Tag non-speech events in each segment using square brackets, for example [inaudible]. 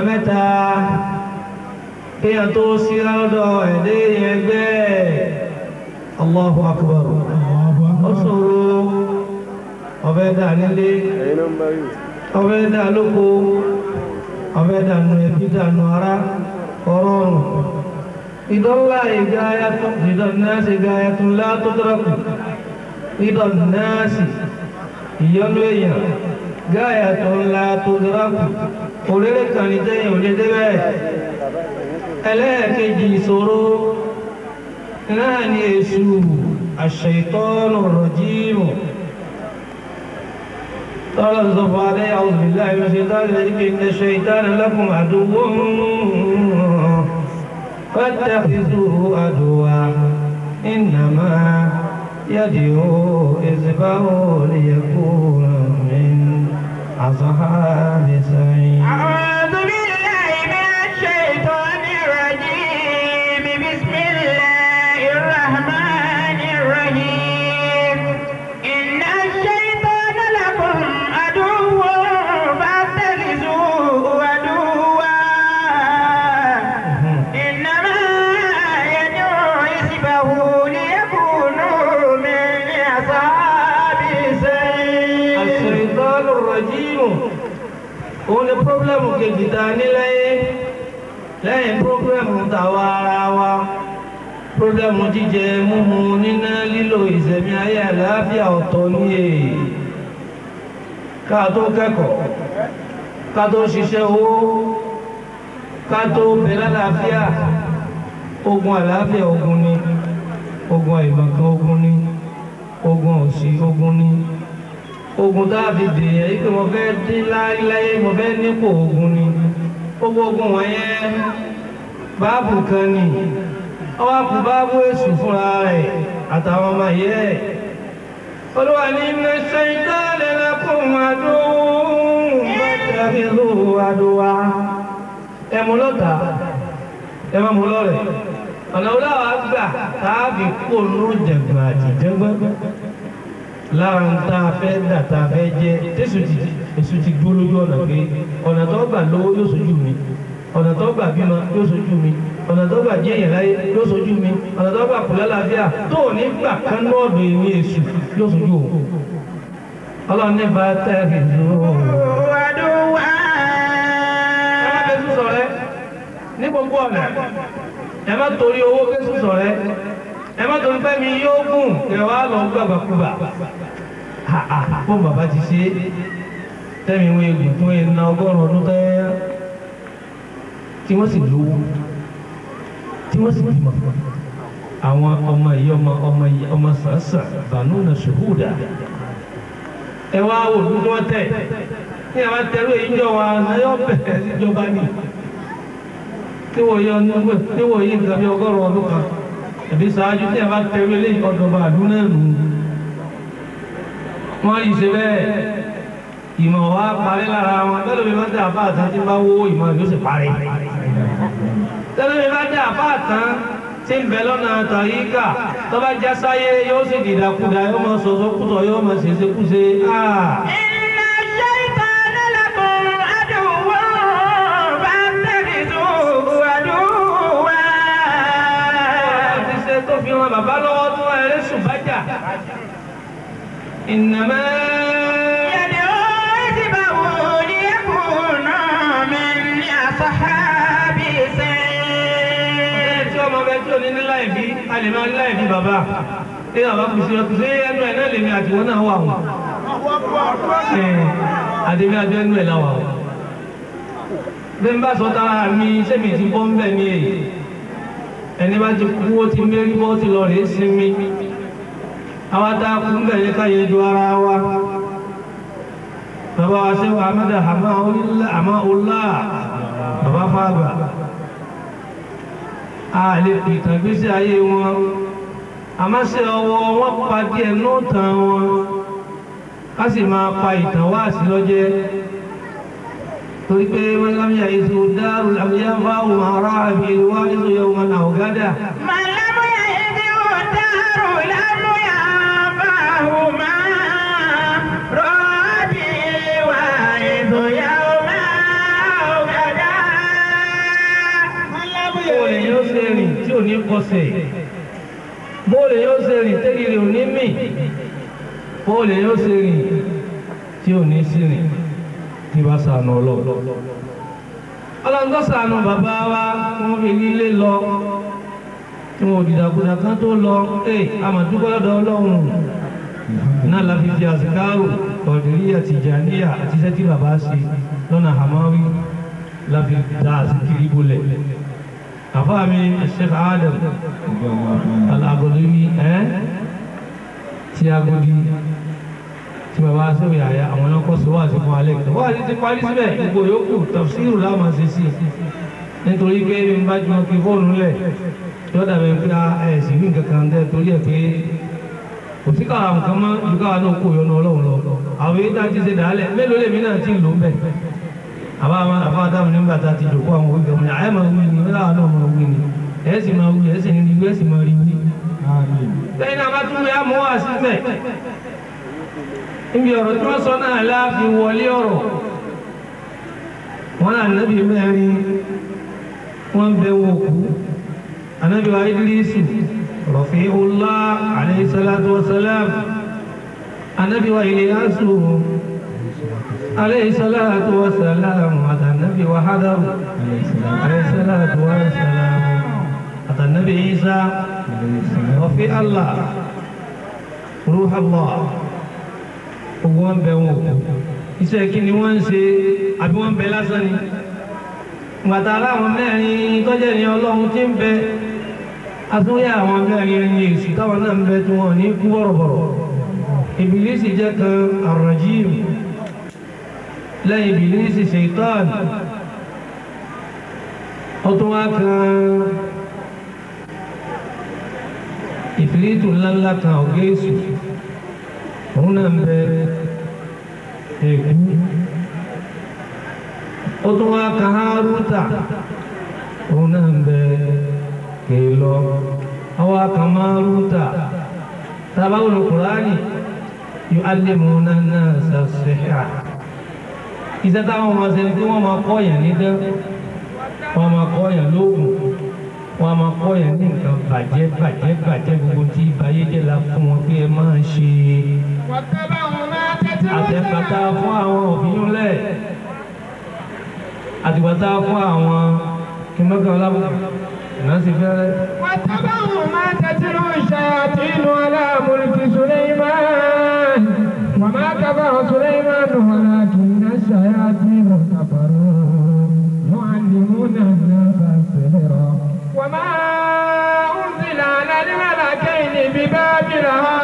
ọ̀nà mẹ́ta kéèyàn tó sí lọ́dọ̀ ẹ̀dẹ́ ẹgbẹ́ Allahu Akbar ó ṣòro ọ̀fẹ́ dà nílé ọ̀fẹ́ dà lóko ọ̀fẹ́ dà nù ẹbí dà nù ara ọ̀rọ̀rùn ìdọ́lá ìgáyàtún ìdọ̀nàṣì ìgáyàtún látọ́dọ́rọ̀kù ìdọ̀nàṣì ìyọnu èèyàn gáyàtún látọ́dọ́rọ̀kù. الشيطان الرجيم قال الزفاد اعوذ بالله من الشيطان الرجيم ان الشيطان لكم عدو فاتخذوه عدوا انما يدعو اذبه ليكون أصحاب سعيد àwa ara wa pírọ́blẹ́mù jíjẹ múmu níná lílo ìṣẹ̀mí ayé àlàáfíà ọ̀tọ̀ ní èyí e. ká tó kẹ́kọ̀ọ́ ká tó ṣiṣẹ́ owó ká tó bẹ̀rẹ̀ àlàáfíà ogun àlàáfíà ogun ni ogun àìmọ̀kan ogun ni ogun òṣì ogun ni ogun tá a fi dèyẹ yìí pé mo fẹ́ dín láyé mo fẹ́ nípò ogun ni gbogbo ogun wọ̀nyẹn. Babu Kani, ni ọwọ́ kù báàbù èṣù fúnra rẹ̀ àtàwọn ọmọ yẹ ẹ̀. olúwa ní iná ṣe ìtàlẹ̀ lẹ́kùn àdóhùn bàtà ìlú àdúrà ẹ̀mú lọ́tà ẹ̀mọ́ mú lọ́rẹ̀ ọ̀nà oláwa gbà táàbì kó ló jẹ̀gbọ̀n àti jẹ́gbọ́n lára ń tá fẹ́ dà tá fẹ́ jẹ́ tẹ̀sù ti gbó lójú ọ̀nà pé ọ̀nà tó gbà lówó yóò sojú mi ọ̀nà tó gbà bímọ yóò sojú mi ọ̀nà tó gbà jẹ́ láyé yóò sojú mi ọ̀nà tó gbà kù lálàáfíà tó ní gbà kán náà dò èmi èṣù yóò sojú o. ọlọ́run ní bá tẹ̀lé ló. wàdúwà. ẹ má fẹsùn sọ̀rẹ́ ní gbogbo ọ̀nà ẹ má torí owó fẹsùn sọ̀rẹ́ ẹ má torí fẹ́mi yóò gùn ẹ lọ gbàgbàkúgbà. bó bàbá ti ṣe tẹ́mi wọ́n egbò tó yẹ ọgọ́rùn-ún ọdún tẹ́yẹ́ tí wọ́n sì lówó tí wọ́n sì bímọ àwọn ọmọ yìí ọmọ ọmọ yìí ọmọ sàásà bànú na ṣòhúdà ẹ wá wò ní wọ́n tẹ̀ ní àwọn tẹ̀lé ìjọ wa ayọ́ bẹ̀rẹ̀ ìjọba ni tí wọ́n yọ ní ọgbẹ́ tí wọ́n yí nǹkan bí ọgọ́rùn-ún ọdún kan ẹ̀bí ṣáájú tí àwọn tẹ̀lé ilé ọ̀dọ̀ba àdúnà nù wọ́n yìí ṣe bẹ́ẹ̀ ìmọ̀ wa parí lára wọn tẹ́lẹ̀ mi máa ń tẹ àbá àtàtì bá wó ìmọ̀ ìlú sì parí tẹ́lẹ̀ mi bá dá àbá tán tí ń bẹ lọ́nà tàríkà tó bá já sáyé yóò sì dìdàkudà yóò mọ sọ̀sọ́ kùtọ̀ yóò mọ ṣèṣekúṣe. iná ṣe ìtàn nílẹ̀kùn àdúgbò bá tẹ̀lé tó lè máa rí láì fi bàbá ẹ bàbá kù sí ọkùnrin ṣé ẹnu ẹ náà lèmi àtiwọn náà wà wọn. àdèmí àjọ ẹnu ẹ làwà wọn. bí n bá sọ tara mi sẹ́mi ti bọ́ ń bẹ̀ ní èyí ẹni bá ti kú ó ti mérí bọ́ ó ti lọ rèé sinmi àwa tá a kú ń bẹ̀ yẹ ká yẹ ju ara wa bàbá wa ṣe wà á mẹ́ta àmọ́ ọlá bàbá fáàgbà. a lè ayé wọn àmọ́sẹ̀ ọwọ́ wọn pa díẹ̀ nù wọn ká sì máa pa ìtàn wá sí torí pé wọn lámìyà ará àbí wa èso wọn náà gádà. bọ́sẹ̀ bóòlù yóò ṣe rìn tẹ́lẹ̀ rẹ̀ ò ní mì bóòlù yóò ṣe rìn tí ò ní sí rìn tí bá sànù ọlọ́ọ̀ ọlọ́ńtọ́ sànù bàbá wa wọ́n fi nílé lọ tí wọn ò dìdàkudà kan tó lọ ee amadugbalada ọlọ́run náà la fi fi àsìkáàrò kọ̀dìríyà tìjàníyà àti sẹ́tì bàbá ṣe lọ́nà hàmáwí la fi da àsìkiri bolẹ̀ àfáà mi Sheikh Adam Al-Agolini ẹ eh? ti Agodi tí bàbá sẹ́wì àyà àwọn náà kọ́ sí wáàsí fún alẹ́ kìtà wáàsí ti parí síbẹ̀ gbogbo yòókù tafsiru láwọn ṣe sí nítorí pé mi bá jùmọ̀ kí fóònù lẹ̀ yọ̀dà bẹ̀ pé ẹ̀sìn ní kankan tẹ́ torí ẹ̀ pé kò sí káwọn kan mọ́ ju káwọn náà kó yọnu ọlọ́run lọ àwọn èyí tá ṣe dàálẹ̀ mélòó lèmi náà ti lò bẹ́ẹ̀. Apa apa dáhùn nígbà tá a ti dòkó àwọn òwe ọmọ àyà máa wí ni ó láwọn náà máa wí ni ẹ sì máa wí ẹ sì ní wí ẹ sì tu ya wí. sih. náà bá tún wí àmọ́ wá síbẹ̀ níbi ọ̀rọ̀ tí wọ́n sọ náà láàfin wọlé ọ̀rọ̀ wọn náà nàbí mẹ́rin wọ́n bẹ wọ́n kú anabi wa idilisu عليه الصلاة والسلام أتى النبي وحده عليه الصلاة والسلام أتى النبي عيسى وفي الله روح الله wọ́n bẹ wọn kú iṣẹ́ kí ni wọ́n ń ṣe àbí wọ́n bẹ lásán ni gbàtà aláwọn mẹ́rin tọ́jẹ́ ní ọlọ́run tí ń bẹ atúnyà àwọn mẹ́rin ẹni èsì táwọn kan àrùn lẹ́yìn ìbílísì ṣèitán ó tún wá kan ìfìlítù ńláńlá kan ọ̀gá èṣù òun náà ń bẹ èkú ó tún wá kan hárúta òun náà ń bẹ kèlọ àwọn akàmárúta tábàwọn Kùránì yu'allimuna an-nasa as-sihr iṣẹ́ táwọn máa ṣe tí wọ́n máa kọ́ yẹn nídẹ́ wọ́n máa kọ́ yẹn lóògùn wọ́n máa kọ́ yẹn ní nǹkan bàjẹ́ bàjẹ́ bàjẹ́ gbogbo tí ìbáyé jẹ́ la fún wọn pé ẹ máa ń ṣe. àtẹ̀pàtà fún àwọn òbíyúnlẹ̀ àtìpàtà fún àwọn kìmọ́kàn lábùkù ìrántí fẹ́rẹ́. wọ́n tábà wọn máa tẹ̀sí lóun ṣe àtìlú aláàmúlùkì Suleiman wọ́n máa kábàá Suleiman nù wọn náà. الشياطين كفروا يعلمون الناس السحر وما أنزل على الملكين ببابل هذا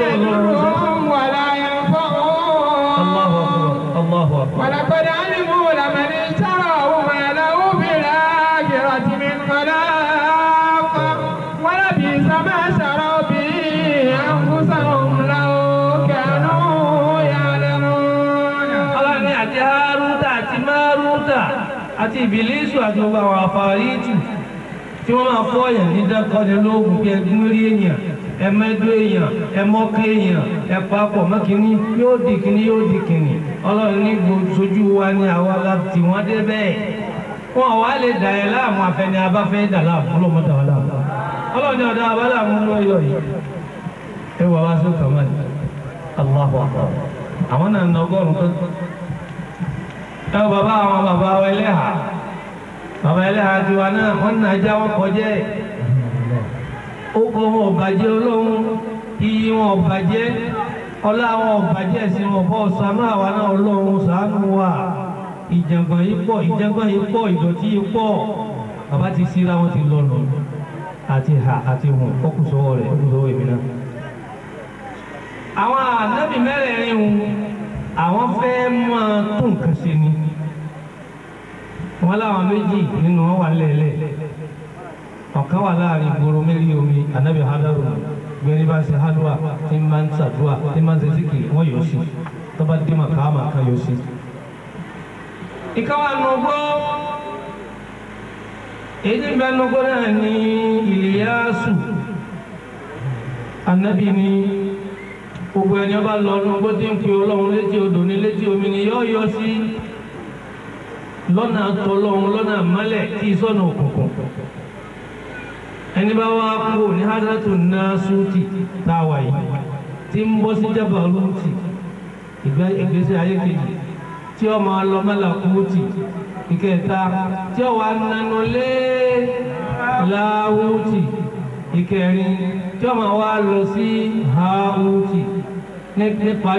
يضرهم ولا ينفعهم الله أكبر الله أكبر ولقد علموا لمن اشتراه ما له بالآخرة من خلاق ولبئس ما شروا به أنفسهم لو كانوا يعلمون الله àti Hárútà àti Márútà àti Ìbílísù àti gbogbo àwọn àfàrítù tí wọ́n máa fọ́ ọ̀yàn ní lóògùn kí ẹgbẹ́ rí ènìyàn ẹ mẹ́dọ́ èèyàn ẹ mọ́kẹ́ èèyàn ẹ papọ̀ mọ́kìnní yóò di kìnní yóò di kìnní ọlọ́run ní sojú wa ni àwa la tì wọ́n dé bẹ́ẹ̀ wọn wà lè dà ẹ láàmú afẹni abáfẹ́ dà láàmú ọlọ́mọ dà wà láàmú ọlọ́run ní ọ̀dà àbá láàmú lọ́yọ̀ yìí ẹ wà wá sí kàmá ni Allahu Akbar àwọn náà nà ọgọ́rùn-ún tó ẹ bàbá àwọn bàbá ẹlẹ́hà bàbá ẹlẹ́hà tiwa náà wọn nà já wọn kọjá yìí orúkọ wọn ò bàjẹ́ olóhùn iyì wọn ò bàjẹ́ ọlá wọn ò bàjẹ́ ẹ̀sìn wọn bọ́ ṣàánú àwa náà ọlọ́run ṣàánú wa ìjàngbọ̀n yìí pọ̀ ìjàngbọ̀n yìí pọ̀ ìdọ̀tí yìí pọ̀ bàbá ti síra wọn ti lọ lọ àti hà àti hùn ọkùsọwọ rẹ ọkùsọwọ èmi náà. àwọn ànábì mẹ́rẹ̀ẹ̀rin hùn àwọn fẹ́ máa tún nǹkan ṣe ni wọ́n láwọn méjì nínú wọn wà lẹ́lẹ́ẹ̀ ọ̀kan wà láàrin ìgboro mẹ́rin omi ànábì hadaru gbẹ̀rí bá ṣe halwa tí máa ń ṣàdúrà tí máa ń ṣe síkì wọ́n yóò ṣe tó bá dé màkà á màkà yóò ṣe. ìkáwá nugbó èyí bá nugbó náà ní ìlíyàsù ànábì ní gbogbo ẹni ọba lọ nugbó tí ń pe ọlọ́run létí odò ní létí omi ni yóò yọ sí lọ́nà tọ́lọ́run lọ́nà mọ́lẹ̀ tí ìsọ̀nà òkùnkùn. ẹni bá wá kú ní hadratu nasuti ti yìí tí ń bọ́ sí jabaluti ìgbésí ayé kejì tí ó máa lọ malakuti ìkẹta tí ó wà nánú lé láwùtì ìkẹrin tí ó máa wá lọ sí háwùtì nípa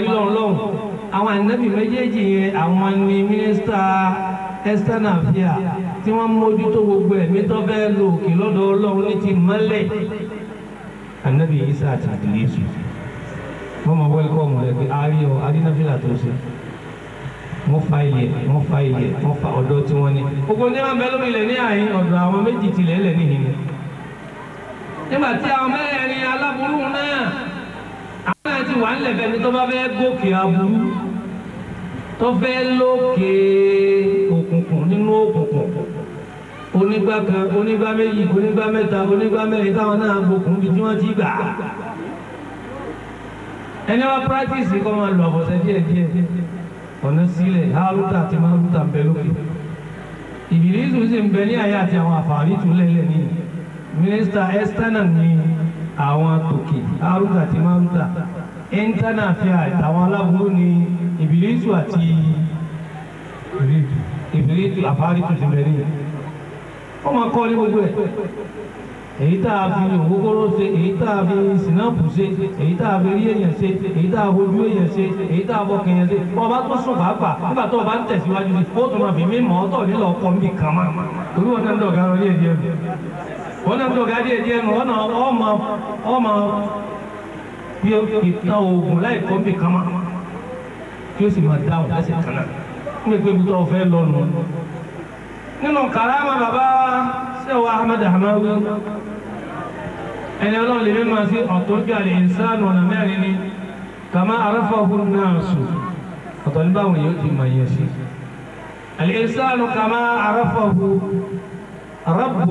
ni mínísítà tí wọ́n mójútó gbogbo ẹ̀mí tó fẹ́ lò òkè lọ́dọ̀ ọlọ́run ní ti mọ́lẹ̀ anabi isa àti ìdílésù wọ́n máa wẹ́lkọ́mù rẹ̀ pé ari ọ adínàfílà tó ṣe wọ́n fa ilẹ̀ wọ́n fa ilẹ̀ wọ́n fa ọ̀dọ́ tí wọ́n ní. gbogbo ní wọn bẹ lórí ilẹ̀ ní àyín ọ̀dọ̀ àwọn méjì tilẹ̀ ẹlẹ̀ níhìn ni. nígbà tí àwọn mẹ́rin aláburú náà àwọn ẹ̀ ti wà ń lẹ̀fẹ̀ ní tó bá fẹ́ gòkè aburú tó fẹ́ lókè òkùnkùn nínú òkùnkùn onígbà kan onígbà méjì onígbà mẹ́ta onígbà mẹ́rin táwọn náà bokùn bí tí wọ́n ti gbà á ẹni wá practice kọ́ máa lọ àbọ̀sẹ̀ díẹ̀ díẹ̀ ọ̀nà sílẹ̀ haruta àti maruta ń bẹ lókè ìbílísù sì ń bẹ ní àyà àti àwọn àfààní tún lẹ́lẹ̀ ní mínísítà ẹ́stánà ní àwọn tòkè haruta àti maruta ẹ́ńtánà àfi àtàwọn aláburú ní ìbílísù àti ìbílísù àfààní tún ti bẹ níyà ó máa kọ́ ní gbogbo ẹ̀ èyí tá a fi ògógóró ṣe èyí tá a fi sinapu ṣe èyí tá a fi rí èèyàn ṣe èyí tá a fojú èèyàn ṣe èyí tá a fọkàn èèyàn ṣe ọba tó sùn pàápàá nígbà tó o bá ń tẹ̀síwájú sí kó o tún máa fi mí mọ́ ọ́tọ̀ nílò ọkọ̀ mi kàn máa torí wọn náà ń dọ̀gá ọ̀rọ̀ díẹ̀ díẹ̀ wọn náà ń dọ̀gá díẹ̀ díẹ̀ nù ọ̀nà ọmọ ọmọ bí ìtàn oògùn láì kọ́ mi kàn máa kí ó sì máa dáhùn láti kàn náà nínú karama bàbá ṣé wa Ahmed Ahmed ẹni ọlọ́run lè mímọ sí ọ̀tún bí àlè ìsánù ọ̀nà mẹ́rin ni kàmá aráfà òhun náà sùn ọ̀tọ̀ nígbà wọn yóò di màyẹ sí àlè ìsánù kàmá aráfà òhun arábò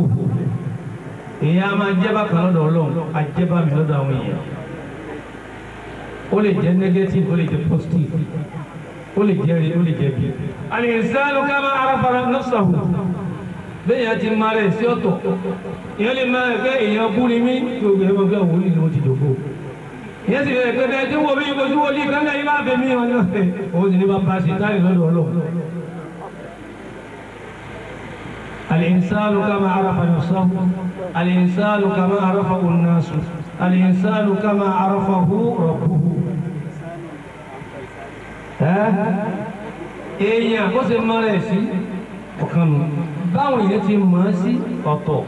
máa jẹba kan ọlọ́run àjẹbá mi lọ́dọ̀ àwọn èèyàn ó lè jẹ́ negative ó lè jẹ́ positive. قل الجاري قل الجاري الإنسان كما عرف نفسه بيا تماري سيوتو يلي ما كاي يا بولي مي يوبي هما كاي ولي لو تي دوكو يزي كاي تي هو بيجو جو ولي كاي يبا في مي هو [laughs] زي نبا باسي تاي لو لو الإنسان كما عرف نفسه الإنسان كما عرفه الناس الإنسان كما عرفه ربه Enya bó ṣe mọ rẹ̀ sí ọ̀kan nù ti mọ̀ sí ọ̀tọ̀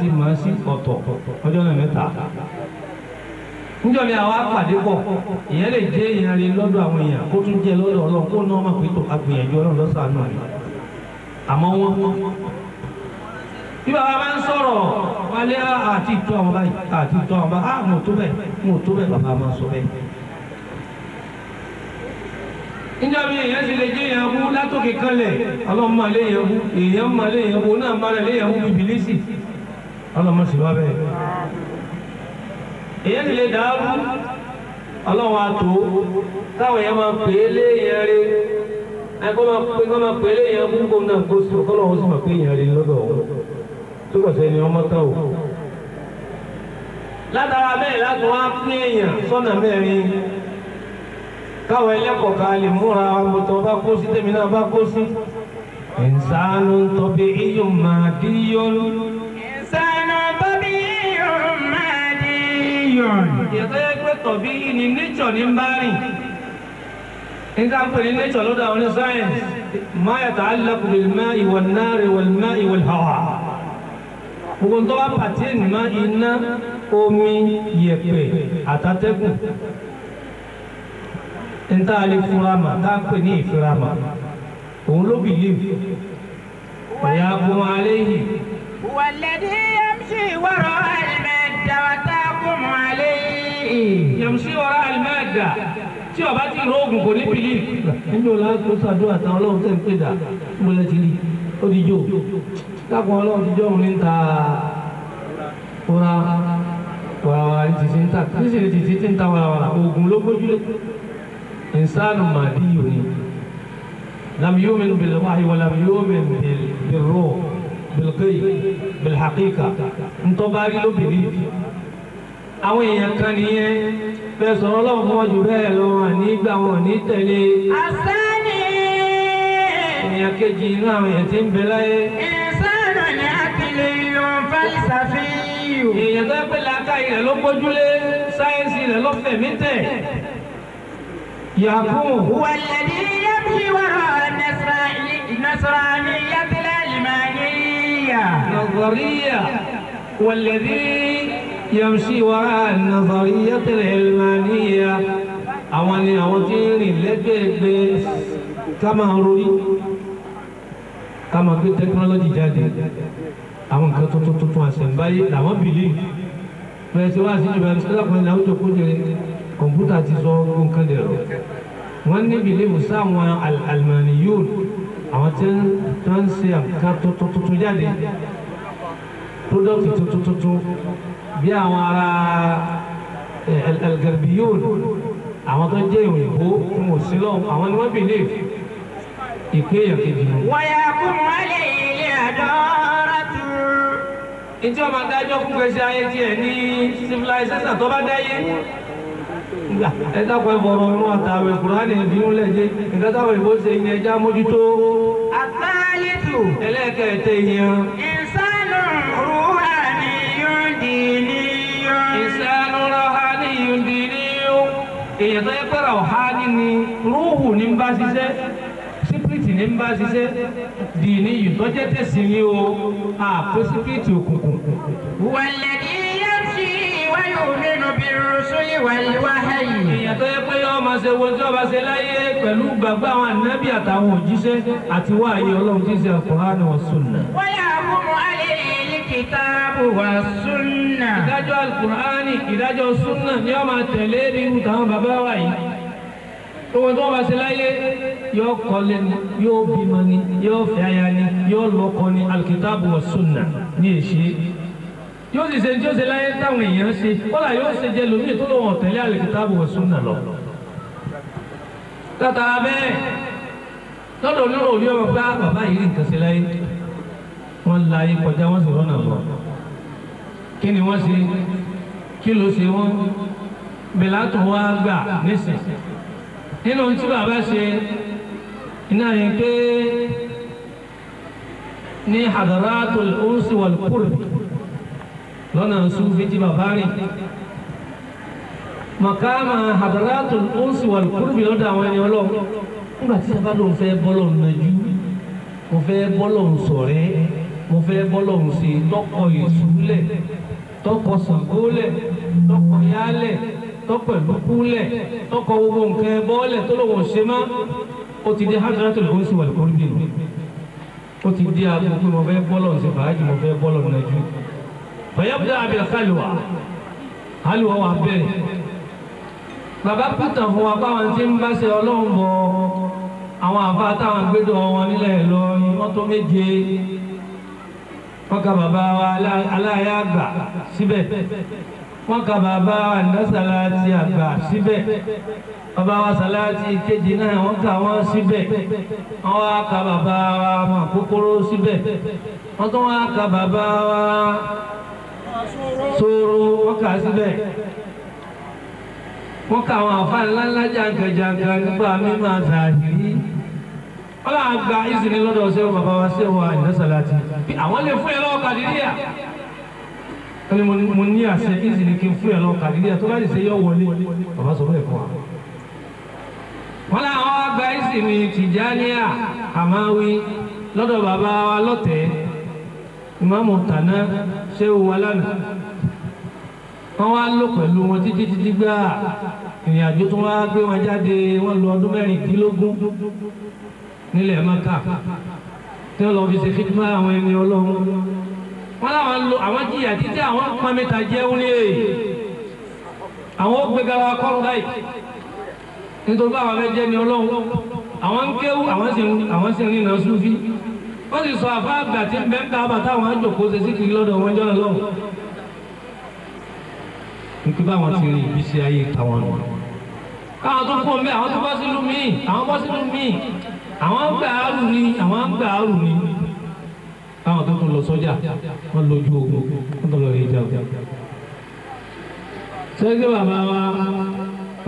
ti mọ̀ sí ọ̀tọ̀ ọjọ́ náà mẹ́ta pàdé pọ̀ ìyẹn lè jẹ́ èèyàn lọ́dọ̀ àwọn èèyàn kó tún jẹ́ lọ́dọ̀ ọlọ́run kó náà máa agbìyànjú ọlọ́run àmọ́ bí bàbá bá ń sọ̀rọ̀ wálé àti ìtọ́ àwọn báyìí àti ìtọ́ àwọn báyìí tó níjàmbá èèyàn ti lè jẹ́ èèyàn bú látòkè kanlẹ̀ ọlọ́run máa lé èèyàn bú èèyàn máa lé èèyàn bú náà máa lé èèyàn bú bìbìlísì ọlọ́run máa sì wá bẹ́ẹ̀. èèyàn ti lè dà á bú ọlọ́run àtò táwọn èèyàn máa pè é lé èèyàn rẹ ẹ̀kọ́ máa pè é máa pè é lé èèyàn bú kó náà kó sùn kọ́ lọ́wọ́ sì máa pè èèyàn rẹ lọ́dọ̀ ọ̀hún tó bọ̀ sẹ́ni ọmọ tá o. látara bẹ́ẹ̀ láti wá pín èèyàn sọ́nà mẹ́rin káwọn ẹlẹ́kọ̀ọ́ ká lè múra àwòtọ́ bá kó sí tèmi náà bá kó sí. ìsánú tọ́bi iyùn máa dí yọlú. ìsánú tọ́bi iyùn máa dí yọlú. ìyẹ́tọ́ yẹ pé tọ̀bí yìí ni nature ní bá rìn. nígbà ń pè omi yẹ̀pẹ̀ àtàtẹ́kùn níta lè fúnra mà tá a pè ní ìfúnra mà òun ló bìlíìfù ọ̀yà kún alẹ́ yìí. wàlẹ́dí yamsi wọ́rọ̀ àlùmẹ́ẹ̀dá wàtá kún alẹ́ yìí. yamsi wọ́rọ̀ àlùmẹ́ẹ̀dá tí ọba ti ro oògùn kò ní bìlíìfù. nínú ọ̀la kó sàdúrà táwọn ọlọ́run tẹ̀ ń pè dà gbọ́dọ̀ ti rí ó di jò lákùn ọlọ́run ti jọ́ òun ní ta wàràwàrà ti ti ń ta níṣẹ́ ti ti ń ta wàràwàrà oògùn ló gbójúlé. إنسان màdíyù لم يؤمن yumin bil يؤمن wa بالقي، بالحقيقة، bil ruh bil qay bil haqiqa ntọ́bárí ló bìbí àwọn èèyàn kan nìyẹn bẹ́ẹ̀ sọ̀rọ̀ ọlọ́run fún wọn jù bẹ́ẹ̀ lọ wọn nígbà wọn ní tẹ̀lé. àsáni. èèyàn kejì inú àwọn èèyàn ti ń bẹ láyé. ìsánà ni a ti lè yan fàlsàfí. èèyàn tó ń pè lákàyè rẹ̀ ló gbójúlé sáyẹ́nsì rẹ̀ ló fẹ̀mí tẹ̀. يعقوب هو الذي يبغي وراء النصرانية العلمانية نظرية والذي يمشي وراء النظرية العلمانية أولي أوتيني لبيبس كما روي كما في تكنولوجي جديد àwọn nǹkan tuntun tuntun àṣẹ̀ǹbáyé làwọn bìlí bẹ́ẹ̀ tí wọ́n á sí ìbẹ̀rù sílẹ̀ kan ní àwọn tó kó jẹ kọ̀ǹpútà ti sọ gbogbo nǹkan dẹ̀rọ̀ wọ́n níbi ilé musa àwọn alimani yóò àwọn tí wọ́n ń ṣe nǹkan tuntun tuntun jáde product tuntun tuntun bí àwọn ará algarbi yóò àwọn tó jẹ́ òyìnbó fún òsínlọ́ àwọn ni wọ́n bìlẹ̀ ìkéyàn kejì. wọ́yà kú mọ́lẹ̀ ilé àdọ́rà tù. ìjọba dájọ́ fún gbèsè ayé tiẹ̀ ní civilization tó bá dáyé ẹ dákun ẹ fọ̀rọ̀ inú àtàwẹ̀ kùránì ìbínúlẹ̀ jẹ́ nǹkan táwọn ìbò ṣe ìyẹn já mójútó. àtàlẹ́tù. ẹlẹ́kẹ̀ẹ́tẹ̀ yẹn. ìsánú rúhà ni yóò dì ní yóò. ìsánú rúhà ni yóò dì ní yóò. èèyàn tó yẹ pé ràwùhá ni ni rúhù ní bá ṣiṣẹ́ sípírìtì ní bá ṣiṣẹ́ dì ní yìí tó jẹ́ tẹ̀sí ni o àpò sípírìtì òkùnkùn. wàlẹ̀ ni yóò ṣì wáyò rẹ̀ èèyàn tó yẹ pé yọ ọmọ ṣe wo tí ọba ṣe láyé pẹ̀lú gbàgbọ́ àwọn ànábì àtàwọn òjíṣẹ́ àti wá ààyè ọlọ́run tí ń ṣe Al-Qur'an wa Sunnah. wọ́n yà mu alẹ́ ilé kìtàbù wa Sunna. ìdájọ́ Al-Qur'an ìdájọ́ Sunna ni wọ́n máa tẹ̀lé irú táwọn bàbá wa yìí. ohun tí wọ́n bá ṣe láyé yóò kọ́lé ni yóò bímọ ni yóò fẹ́ aya ni yóò lọ́kọ ni Al-Kitabu wa Sunnah ní èṣe yóò sì ṣe ní tí ó ṣe láyé táwọn èèyàn ṣe kọ́lá yóò ṣe jẹ lómi tó lọ́wọ́ tẹ̀lé àlùkìtàbù wa sunna lọ. látara bẹ́ẹ̀ lọ́dọ̀ náà ò ní ọmọ pé ah, bàbá yìí nǹkan ṣe láyé wọ́n la ayé kọjá wọ́n sì rọ́nà lọ. kí ni wọ́n ṣe kí ló ṣe wọ́n bẹ̀lá tó wá gbà nísìn. nínú tí bàbá ṣe iná yẹn pé ní hadaratul unsi wal qurb lọ́nà sufi tí bàbá rìn makama hadaratul unsi wal qurbi lọ́dọ̀ àwọn ẹni ọlọ́run nígbà tí sábà lòun fẹ́ bọ́lọ̀ nàjú mo fẹ́ bọ́lọ̀ sọ̀rẹ́ mo fẹ́ bọ́lọ̀ ṣe tọkọ ìsúlẹ̀ tọkọ sàgólẹ̀ tọkọ yálẹ̀ tọkọ ìdúkúlẹ̀ tọkọ gbogbo nǹkan bọ́ọ̀lẹ̀ tó lòun ṣe má ó ti di hadaratul unsi wal qurbi ó ti di aago pé mo fẹ́ bọ́lọ̀ ṣe fàájì mo fẹ́ bọ́lọ̀ nàjú fayabda abil khalwa halwa wa bẹ̀rẹ̀ bàbá pàtàkì fún wa báwọn tí ń bá ṣe ọlọ́run bọ̀ àwọn àfa táwọn gbẹdọ̀ wọn nílẹ̀ Ìlọrin wọ́n tó méje wọ́n ka bàbá wa aláya àgbà síbẹ̀ wọ́n ka bàbá wa ndásálàtì àgbà síbẹ̀ bàbá wa sálàtì kejì náà wọ́n ka wọ́n síbẹ̀ wọ́n wá ka bàbá wa mọ̀ kókóró síbẹ̀ wọ́n tún wá ka bàbá wa sóró wọ́n kà síbẹ̀ wọ́n kà àwọn àfáà ńláńlá jàǹkàjàǹkà nípa mímọ àzàhìrí wọ́n là ń gba ìsìn lọ́dọ̀ ṣẹ́wọ̀n bàbá wa ṣẹ́wọ̀n àìlẹ́sàlá ti bí àwọn lè fún ẹ lọ́wọ́ kàdíríà wọ́n ní mo ní àṣẹ ìsìn kí n fún ẹ lọ́wọ́ kàdíríà tó bá lè ṣe yọ wọlé bàbá sọ bẹ́ẹ̀ fún wa. wọ́n là ń gba ìsìn àmáwí lọ́dọ̀ bàbá wa lọ́tẹ̀ẹ́ ìmáàmù tàná ṣé o wà lánàá wọ́n wá lò pẹ̀lú wọn títí títí gbà ìrìn àjò tó wá gbé wọn jáde wọ́n lò ọdún mẹ́rìndínlógún nílẹ̀ mọ́ta tí wọ́n lọ fi ṣe fitma àwọn ẹni ọlọ́run wọ́n láwọn lo àwọn jìyà títí àwọn pamẹ́ta jẹun ní èyí àwọn ó gbéga wa kọ́ láì nítorí àwọn abẹ́jẹ́ ni ọlọ́run àwọn ń kéwú àwọn sì ń rìnà súnfí wọ́n sì sọ àfa àgbà tí ń bẹ́ ń ká bàtà àwọn àjòkó ṣe sí kiri lọ́dọ̀ wọn jọ́nà lọ́wọ́. nítorí báwọn ti rí ìbísí ayé táwọn nù. káwọn tó kó mi àwọn tó bọ́ sínú mi àwọn bọ́ sínú mi àwọn ń gbà àrù ni àwọn ń gbà àrù ni. káwọn tó tún lọ sọ́jà wọ́n lójú ogun wọ́n tó lọ rí ìjà ogun. sẹ́gbẹ́ bàbá wa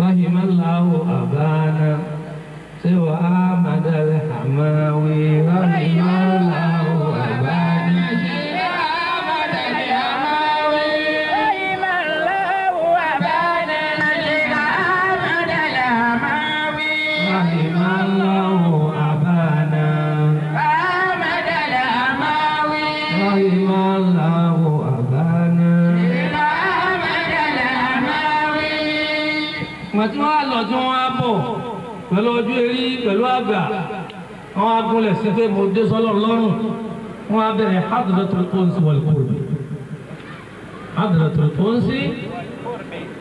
rahimallahu abana. سوى أحمد الحماوي رحمه الله أبانا شيئا أحمد الحماوي رحمه الله أبانا شيئا أحمد الحماوي رحمه الله أبانا أحمد الحماوي رحمه الله أبانا شيئا أحمد الحماوي مجموعة pẹ̀lú ọjọ́ erí pẹ̀lú àgbà wọn á gúnlẹ̀ sí pé mo dé sọ́lọ́ lọ́rùn wọn á bẹ̀rẹ̀ hadratul unsi wal qurbi hadratul unsi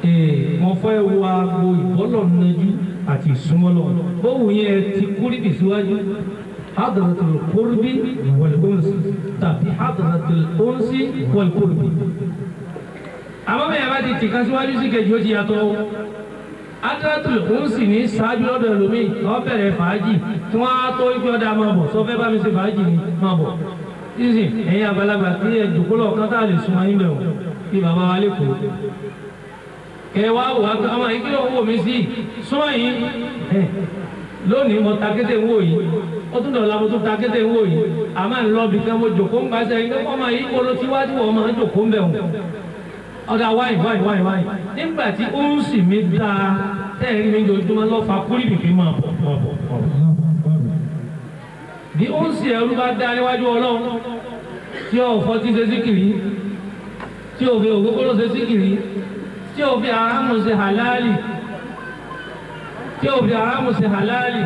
eh, mo fẹ́ wo aago ìbọ́lọ̀ nájú àti ìsúnmọ́lọ̀ bóun yẹn ti kúrìbì síwájú hadratul qurbi wal unsi tàbí hadratul unsi wal qurbi. àmọ́ bẹ́ẹ̀ bá ti tìka síwájú sí kejì ó ti yàtọ̀ o adúlátul kùnsì ní ṣáájú lọ́dọ̀ ẹlòmí lọ́ bẹ̀rẹ̀ fàájì tí wọ́n á tó ikú ọ̀dà máa bọ̀ sọfẹ́ bá mi ṣe fàájì ni máa bọ̀ sísìn ẹ̀yin àgbàlagbà tí ẹ̀ dùkúlọ̀ kátà lè sun ayé bẹ̀ wọ̀ bí bàbá wa lè kú. ẹ wá wò á ọmọ yìí kí ló ń wò mí sí súnmọ́ yìí lónìí mo ta kété ń wò yìí ó tún dọ̀la mo tún ta kété ń wò yìí àmọ́ ńlọ́ọ̀bì kan mo jòkó ń gbàṣẹ́ ọ̀dà wáìn wáìn wáìn wáìn nígbà tí ó ń sì mí dá tẹ́ẹ̀rí mi lójúmọ́ lọ́fà kúrì bìbí máa bọ̀ bọ̀ bọ̀ bí ó ń sì ẹrú bá dá níwájú ọlọ́run tí ó fọ́ tí ṣe síkìrì tí ó fi ògógóró ṣe síkìrì tí ó fi aráàmù ṣe hàlálì tí ó fi aráàmù ṣe hàlálì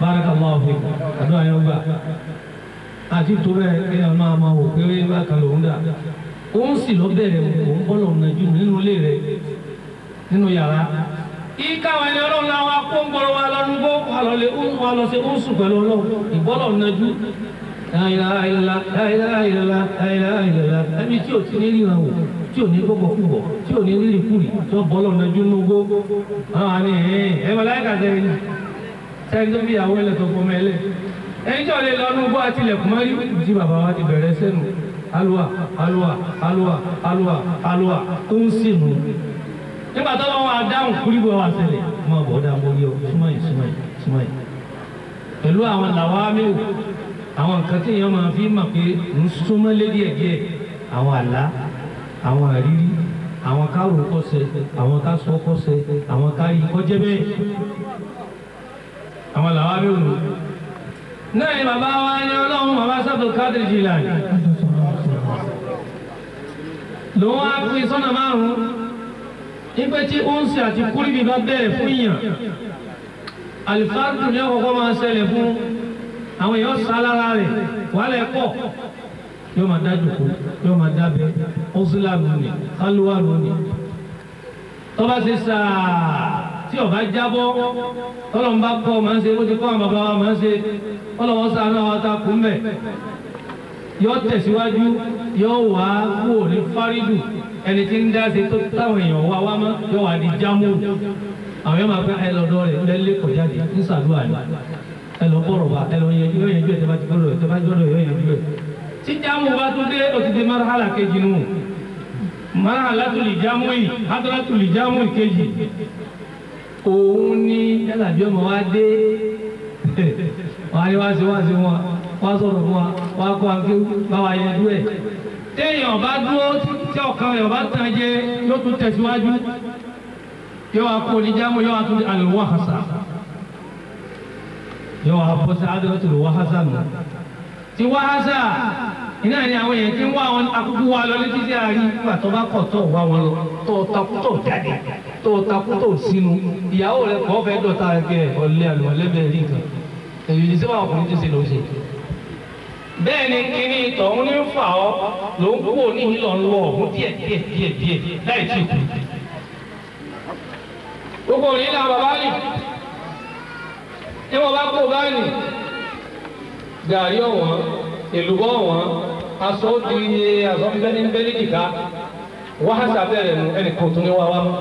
barakallahu fi àdúrà yẹn gbà àti tó bẹ́ẹ̀ kí ẹ máa máa wò pé bákan lòún dà òun sì lọ bẹ̀rẹ̀ òun bọ́lọ̀ ọ̀nà nínú ilé rẹ̀ nínú yàrá. Ika wa ni ọlọ́run náà wá kó ń gbọ́rọ̀ wa lọ́nu gbó wa lọ lè ń wa lọ sí ń sùn pẹ̀lú ọlọ́run ìbọ́lọ̀ ọ̀nà jù. Ẹbí tí ò ti ní ríran wò tí ò ní gbọ́gbọ́ kú bọ̀ tí ò ní rírì kúrì tí ó bọ́lọ̀ ọ̀nà nínú gbó. Àwọn àmì ẹ̀ ẹ̀ láyé kàtẹ́ ẹni sẹ́ni tó bí ìyàwó ẹlẹ́tọ̀ fọmọ ẹlẹ́ ẹni tí ò lè lọ́nu Alua, alua, alua, alua, alua. tó ń sè nù. nígbà tó wọn wá dáhùn kúrìbọ̀ wá sẹlẹ̀ mọ bọ̀ ọ́ dáhùn orí ọ súnmọ́ yìí súnmọ́ yìí súnmọ́ yìí. pẹ̀lú àwọn làwámi o àwọn nǹkan tí èèyàn máa fi mọ̀ pé ń súnmọ́ lé díẹ̀ díẹ̀ àwọn àlá àwọn àrírí àwọn kárò kọsẹ̀ àwọn kásọ kọsẹ̀ àwọn kárí kọjẹ́ bẹ́ẹ̀ àwọn làwámi náà ni bàbá wa ni ọlọ́run bàbá sábà kádìrì jìlá ni lòun á pín sọ́nà márùn-ún nígbà tí ounsi àti kúrìbì bá bẹ̀rẹ̀ fún yàn alifáàdù ní ọkọ̀ọ̀kọ̀ máa ṣẹlẹ̀ fún àwọn èèyàn sálára rẹ̀ wàhálẹ̀ pọ̀ yóò máa dá jòkó yóò máa dábẹ́ ọ̀ṣunlá lónìí kálúwà lónìí tọ́ba ṣe sáà tí ọba jábọ́ tọ́lọ́mùbá kọ́ máa ń ṣe bó ti kọ́ àwọn bàbá wa máa ń ṣe ọlọ́wọ́ sàánú àwọn ta kú mẹ́ yóò tẹ̀síwájú yóò wá kú òní fárídù ẹni tí ń dá ṣe tó táwọn èèyàn wá wá mọ́ yóò wá di jámù àwọn yóò máa fẹ́ ẹ lọ́dọ̀ rẹ̀ lẹ́lẹ́ kọ̀ jáde ń ni ẹ lọ bọ̀rọ̀ wa ẹ lọ yẹn yóò yẹn ju ẹ̀ tẹ́ bá ti gbọ́dọ̀ ẹ̀ tẹ́ bá ti gbọ́dọ̀ yóò yẹn ju ẹ̀. tí jámù bá tún dé ó ti di marahala kejì nù marahala tún lè jámù yìí hadara tún lè jámù kejì òun ni ẹ làbí ọmọ wa dé [laughs] wàá ní wá sí wá sí wọn wá sọ̀rọ̀ fún wa wá kó àgbẹ̀ bá wa yẹ dúró ẹ̀. téèyàn bá dúró tí ọ̀kan rẹ̀ bá tàn jẹ yóò tún tẹ̀síwájú yóò wá kó oníjàmù yóò wá tún àlùwọ̀ àṣà yóò wá bọ́ sí àdúrótò wá àṣà nù. ti wá àṣà iná ni àwọn èèyàn ti ń wá àwọn akúkú wa lọ létí sí àárín nígbà tó bá kọ̀ tó wá wọn lọ tó takú tó jáde tó takú tó sínú ìyàwó rẹ̀ kọ́ fẹ́ dọ̀tá rẹ̀ kẹ́ ọ̀lẹ́ àlùmọ̀lẹ́bẹ̀ẹ́ rí nǹkan èyí ti sẹ́wọ̀n ọkùnrin ti ṣe lọ́sẹ̀ bẹ́ẹ̀ ni kíní tọ̀hún ní fà ọ́ ló ń kó ní ìlọ lọ ọ̀hún díẹ̀ díẹ̀ díẹ̀ díẹ̀ láì tí kú. gbogbo òní là bàbá nì ní bá kó bá nì gàrí ọ̀wọ́n èlùbọ́ ọ̀wọ́n aṣọ òdi aṣọ bẹ́ni bẹ́ni jìká wọ́n á ṣàbẹ̀rẹ̀ ẹnì kan tó ní wá wá mọ́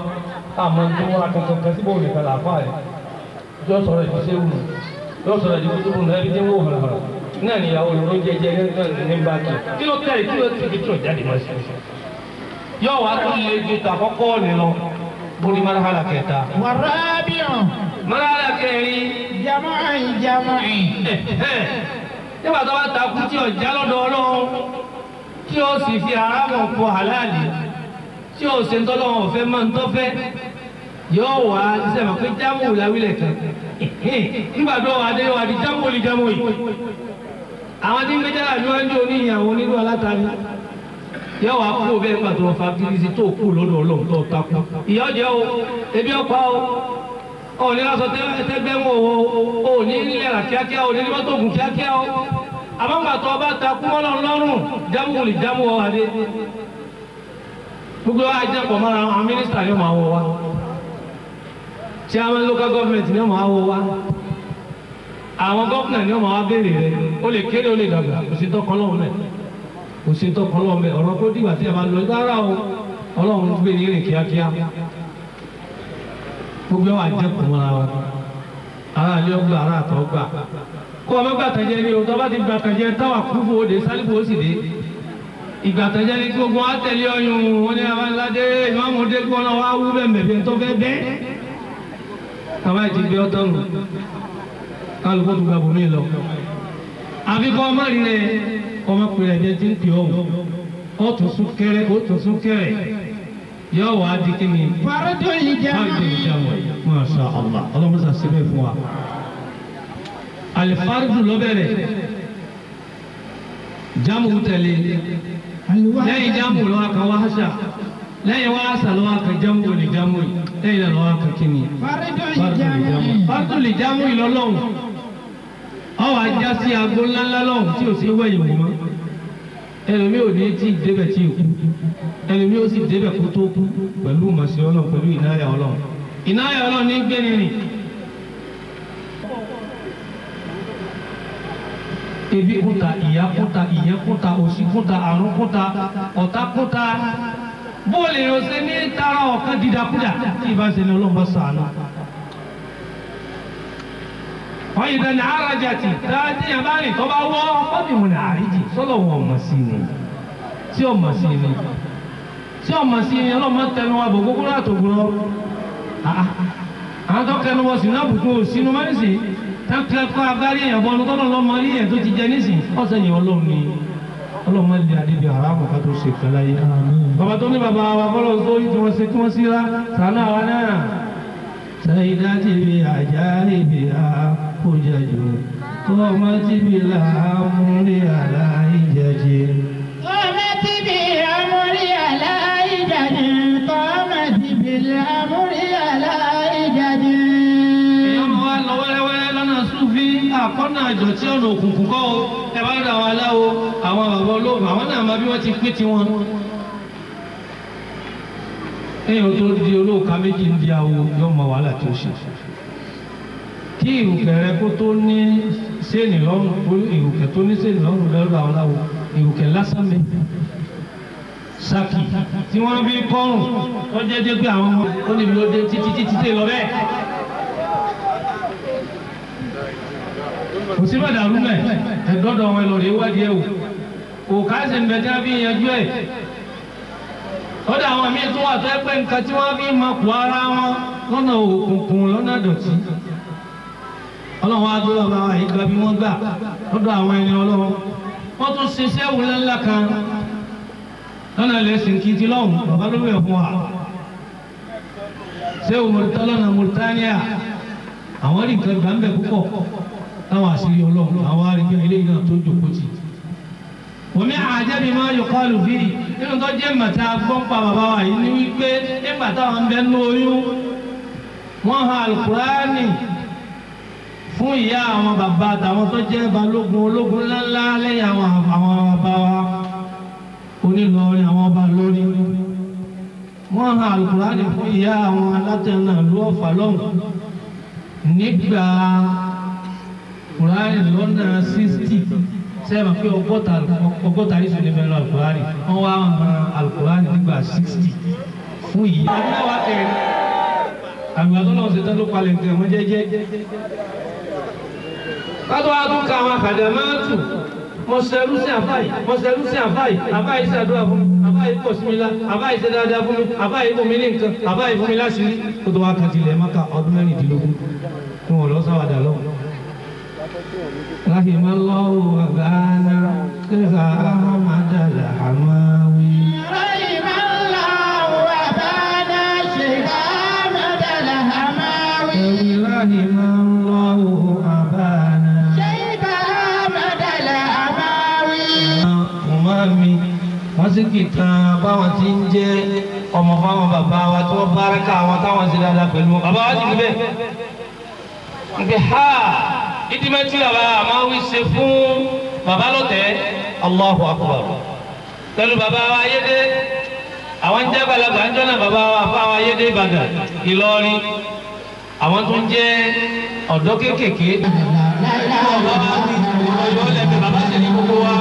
àmọ́ tó wá tuntun kan síbò nìkan làáfàá rẹ̀ yọ sọ̀rọ̀ ìdíṣẹ́ wù yọ sọ̀rọ̀ ìdíṣẹ́ wù náà ẹbí tí ń wò náà níyàwó lóró jẹjẹ náà ní bàtà kí ló tẹ̀ kí ló ti fi tún jáde lọ sí. yọ wá tó lé ju tàkọ́kọ́ ni lọ borí marahala kẹta. wàrà bíyàn. marahala kẹrin. jama'in jama'in. nígbà tó bá takú tí ọjà lọ́dọ̀ ọlọ́run tí ó sì fi aráàmù kọ halali tí ó sì ń tọ́lọ́wọ́n ọ̀fẹ́ máa ń tọ́fẹ́ yóò wá sẹ́wọ̀n pé jámù làwílẹ̀ kan nígbà tó wà dé wà di jámù lì yìí àwọn tí ń gbé jáde níwájú oníyàwó onírú alátarí yẹ wàá kú bẹ́ẹ̀ pàtó ọ̀fà gírísì tó kú lọ́dọ̀ ọlọ́run tó takú ìyá ọ̀jẹ̀ o ebi ọ̀pá o òní lọ́sọ tẹ́gbẹ́ wọn o òní nílẹ̀ra kíákíá òní ní mọ́tò ògùn kíákíá o àbámgbàtọ́ ọba takú ọlọ́run lọ́rùn jámù lè jámù ọ adé gbogbo wa jẹ́ pọ̀ mọ́ra àwọn mínísítà ni wọ́n máa wọ wa chairman local government ni wọ́n máa wọ wa àwọn gọ́fìnà ni wọ́n máa wá béèrè rẹ̀ ó lè kéré ó lè dàgbà kò sí tọkọ lọ́wọ́ mẹ́ kò sí tọkọ lọ́wọ́ mẹ́ ọ̀rọ̀ kó dìgbà tí a máa lọ rárá o ọlọ́run gbé ní rìn kíákíá gbogbo wa jẹ́ kùn mọ́ra wa ara ilé ọgbà ara àtọ̀ gbà kó ọmọ gbàtàjẹ ni o tó bá ti gbàtàjẹ táwa kú fún òde sálíbù ó sì dé ìgbàtàjẹ ni gbogbo wa tẹ̀lé ọyún wọn ní abáńládé ìmáàmù dé gbọ́n náà wá wú bẹ́ẹ̀ mẹ́fẹ́ tó fẹ́ bẹ́ẹ̀ kálukó tó gba bòmí lọ àfi kọ́ ọmọ rí rẹ ọmọ pèrè ẹ̀jẹ̀ tí ń pè ọ́ ó tún sún kẹrẹ ó tún sún kẹrẹ yóò wá di kí ni. faradu ìjàmọ̀ masha allah ọlọ́mọ sà síbẹ̀ fún wa alifaridu lọ́bẹ̀rẹ̀ jamu tẹ̀lé lẹ́yìn jamu lọ́wọ́ kan wá ṣá lẹ́yìn wá ṣá lọ́wọ́ kan jamu ò ní jamu yìí lẹ́yìn lọ́wọ́ kan kí ni. faradu ìjàmọ̀ faradu ìjàmọ̀ ìlọ́lọ́hùn ọwọ́ ajá sí aago ńláńlá lọ́hùn tí ò sí wẹ̀yìn wò mọ́ ẹlòmí ò ní tí ì débẹ̀ tí ì kú ẹlòmí ó sì débẹ̀ kó tó kú pẹ̀lú màsí ọlọ́run pẹ̀lú ìnáyà ọlọ́run ìnáyà ọlọ́run ní gbẹ́ni rìn. ebi kúta ìyá kúta ìyẹn kúta òṣì kúta àrùn kúta ọ̀tá kúta bó lè yọ sí ní tara ọ̀kan dídakúdà tí ìbá ṣe ni ọlọ́run bá sàánú wọ́n yìí dẹ́ni arajà tì dáadéyàn bá rìn tó bá wọ́ fọ́nì wọn àríjì sọ́lọ̀ wọn ò mọ̀ sí ni tí ò mọ̀ sí ni tí ò mọ̀ sí ni ọlọ́mọ tẹnu wa bò gbogbo látògbòrò àwọn tó kẹnu wọ sínú àbùkù sínú mẹ́sì tẹ́kẹ́ kọ́ agbárí èèyàn bọ́nu tọ́lọ́ lọ́mọ rí èèyàn tó ti jẹ nísìn ọ̀sẹ̀ yìí ọlọ́run ni ọlọ́run máa ń di adébí aráàmù ká tó ṣe kẹlá yìí. bàbá tó ní bàbá wa fọlọ́ tó yí tí wọ́n ṣe tí wọ́n sí rá sànú àwa náà. sẹ́yìn dá ti àjá ìbí ha hujaju qamati bil amri ala ijaji. qamati bil amri ala ijaji qamati bil amri ala ijaji. ìyọ́nà wa alai wẹ́rẹ́wẹ́rẹ́ lọ́nà Súfì àkọ́nà àjọ tí ọ̀nà òkùnkùn kọ́ o ẹ bá dà wọn aláwo àwọn bàbá olóògùn àwọn náà máa bí wọ́n ti pín tiwọn di olóòka méjì ń awo yóò mọ wàhálà tó ṣe kí ìrùkẹ̀ rẹ kó tó ní séènì lọ́rùn kó ìrùkẹ̀ tó ní séènì lọ́rùn lọ́dọ̀ àwọn aláwo ìrùkẹ̀ lásán mi saki tí wọ́n fi kọ́rùn tó jẹ́ dé pé àwọn ọmọ ó níbi ló dé títí títí tè lọ bẹ́ẹ̀. kò sí bàdàrú mẹ́ ẹ̀dọ́dọ̀ wọn lọ rèé wádìí ẹ̀ wò òkà sì ń bẹ tí wọ́n fi yanjú ẹ̀ lọ́dọ̀ àwọn míín tó wà tó ẹgbẹ́ nǹkan tí wọ́n fi mọ̀ kó ara wọn lọ́nà òkùnkùn lọ́nà dọ̀tí ọlọ́run wá gbé bàbá wa ìgbà bí wọ́n gbà lọ́dọ̀ àwọn ẹni ọlọ́run wọ́n tún ṣiṣẹ́ wúlẹ̀ ńlá kan lọ́nà lẹ́sìn kìtì lọ́hùn bàbá ló bẹ̀ fún wa ṣé òmùrùtá lọ́nà Mauritania àwọn rí nǹkan gbà ń bẹ̀ púpọ̀ táwọn àṣírí ọlọ́run àwọn arìnrìn ilé iná tó jòkó ti. omi àjẹbí máa yọ kọ́ àlùfí nínú tó jẹ́ màtá gbọ́npa bàbá wa yìí ní wípé nígbà táwọn ń bẹ ní oyún wọ́n ha alukurani fún ìyá àwọn bàbá àtàwọn tó jẹ́ balógun ológun ńláńlá lẹ́yìn àwọn àwọn bàbá wa onílọrin àwọn ọba lórí wọ́n hàn alukurani fún ìyá àwọn alátẹ̀nà ló ọ̀fà lọ́hùn nígbà kurani lọ́nà sixty sẹ́wọ̀n pé ọgọ́ta ọgọ́ta ìṣòro ní bẹ̀rẹ̀ alukurani wọ́n wá hàn alukurani nígbà sixty fún ìyá. àgbàdo náà ṣe tán ló palẹ̀ nǹkan wọn jẹ́jẹ́ kátó wá tún ka àwọn àkàdàmáàtù mọ̀sẹ̀lú sí àfáì mọ̀sẹ̀lú sí àfáì àfáì ṣàdúrà fún mi àfáì pọ̀ sí mi lá àfáì ṣe dáadáa fún mi àfáì fún mi ní nǹkan àfáì fún mi láṣìírí kó tó wá kan tilẹ̀ mọ́ka ọdún mẹ́rìndínlógún fún wọn lọ́sàwádà lọ́wọ́. rahimallahu àgbáná kíkà ahmadu alhamdu. síkì kan báwọn ti ń jẹ́ ọmọ fáwọn bàbá wa tí wọ́n báraka àwọn táwọn ṣe dáadáa pẹ̀lú wọn bàbá wa ti fi bẹ́ẹ̀. ha ìdímẹ́tì bàbá máa wí ṣe fún bàbá lọ́tẹ̀ Allahu Akbar pẹ̀lú bàbá wa yédè àwọn jẹ́ balaba ń jọ́nà bàbá wa fáwọn yédè Ìbàdàn Ìlọrin àwọn tó ń jẹ́ ọ̀dọ́ kéékèèké. bàbá wa ti fi bàbá lẹ́bi bàbá tẹ̀lé gbogbo wa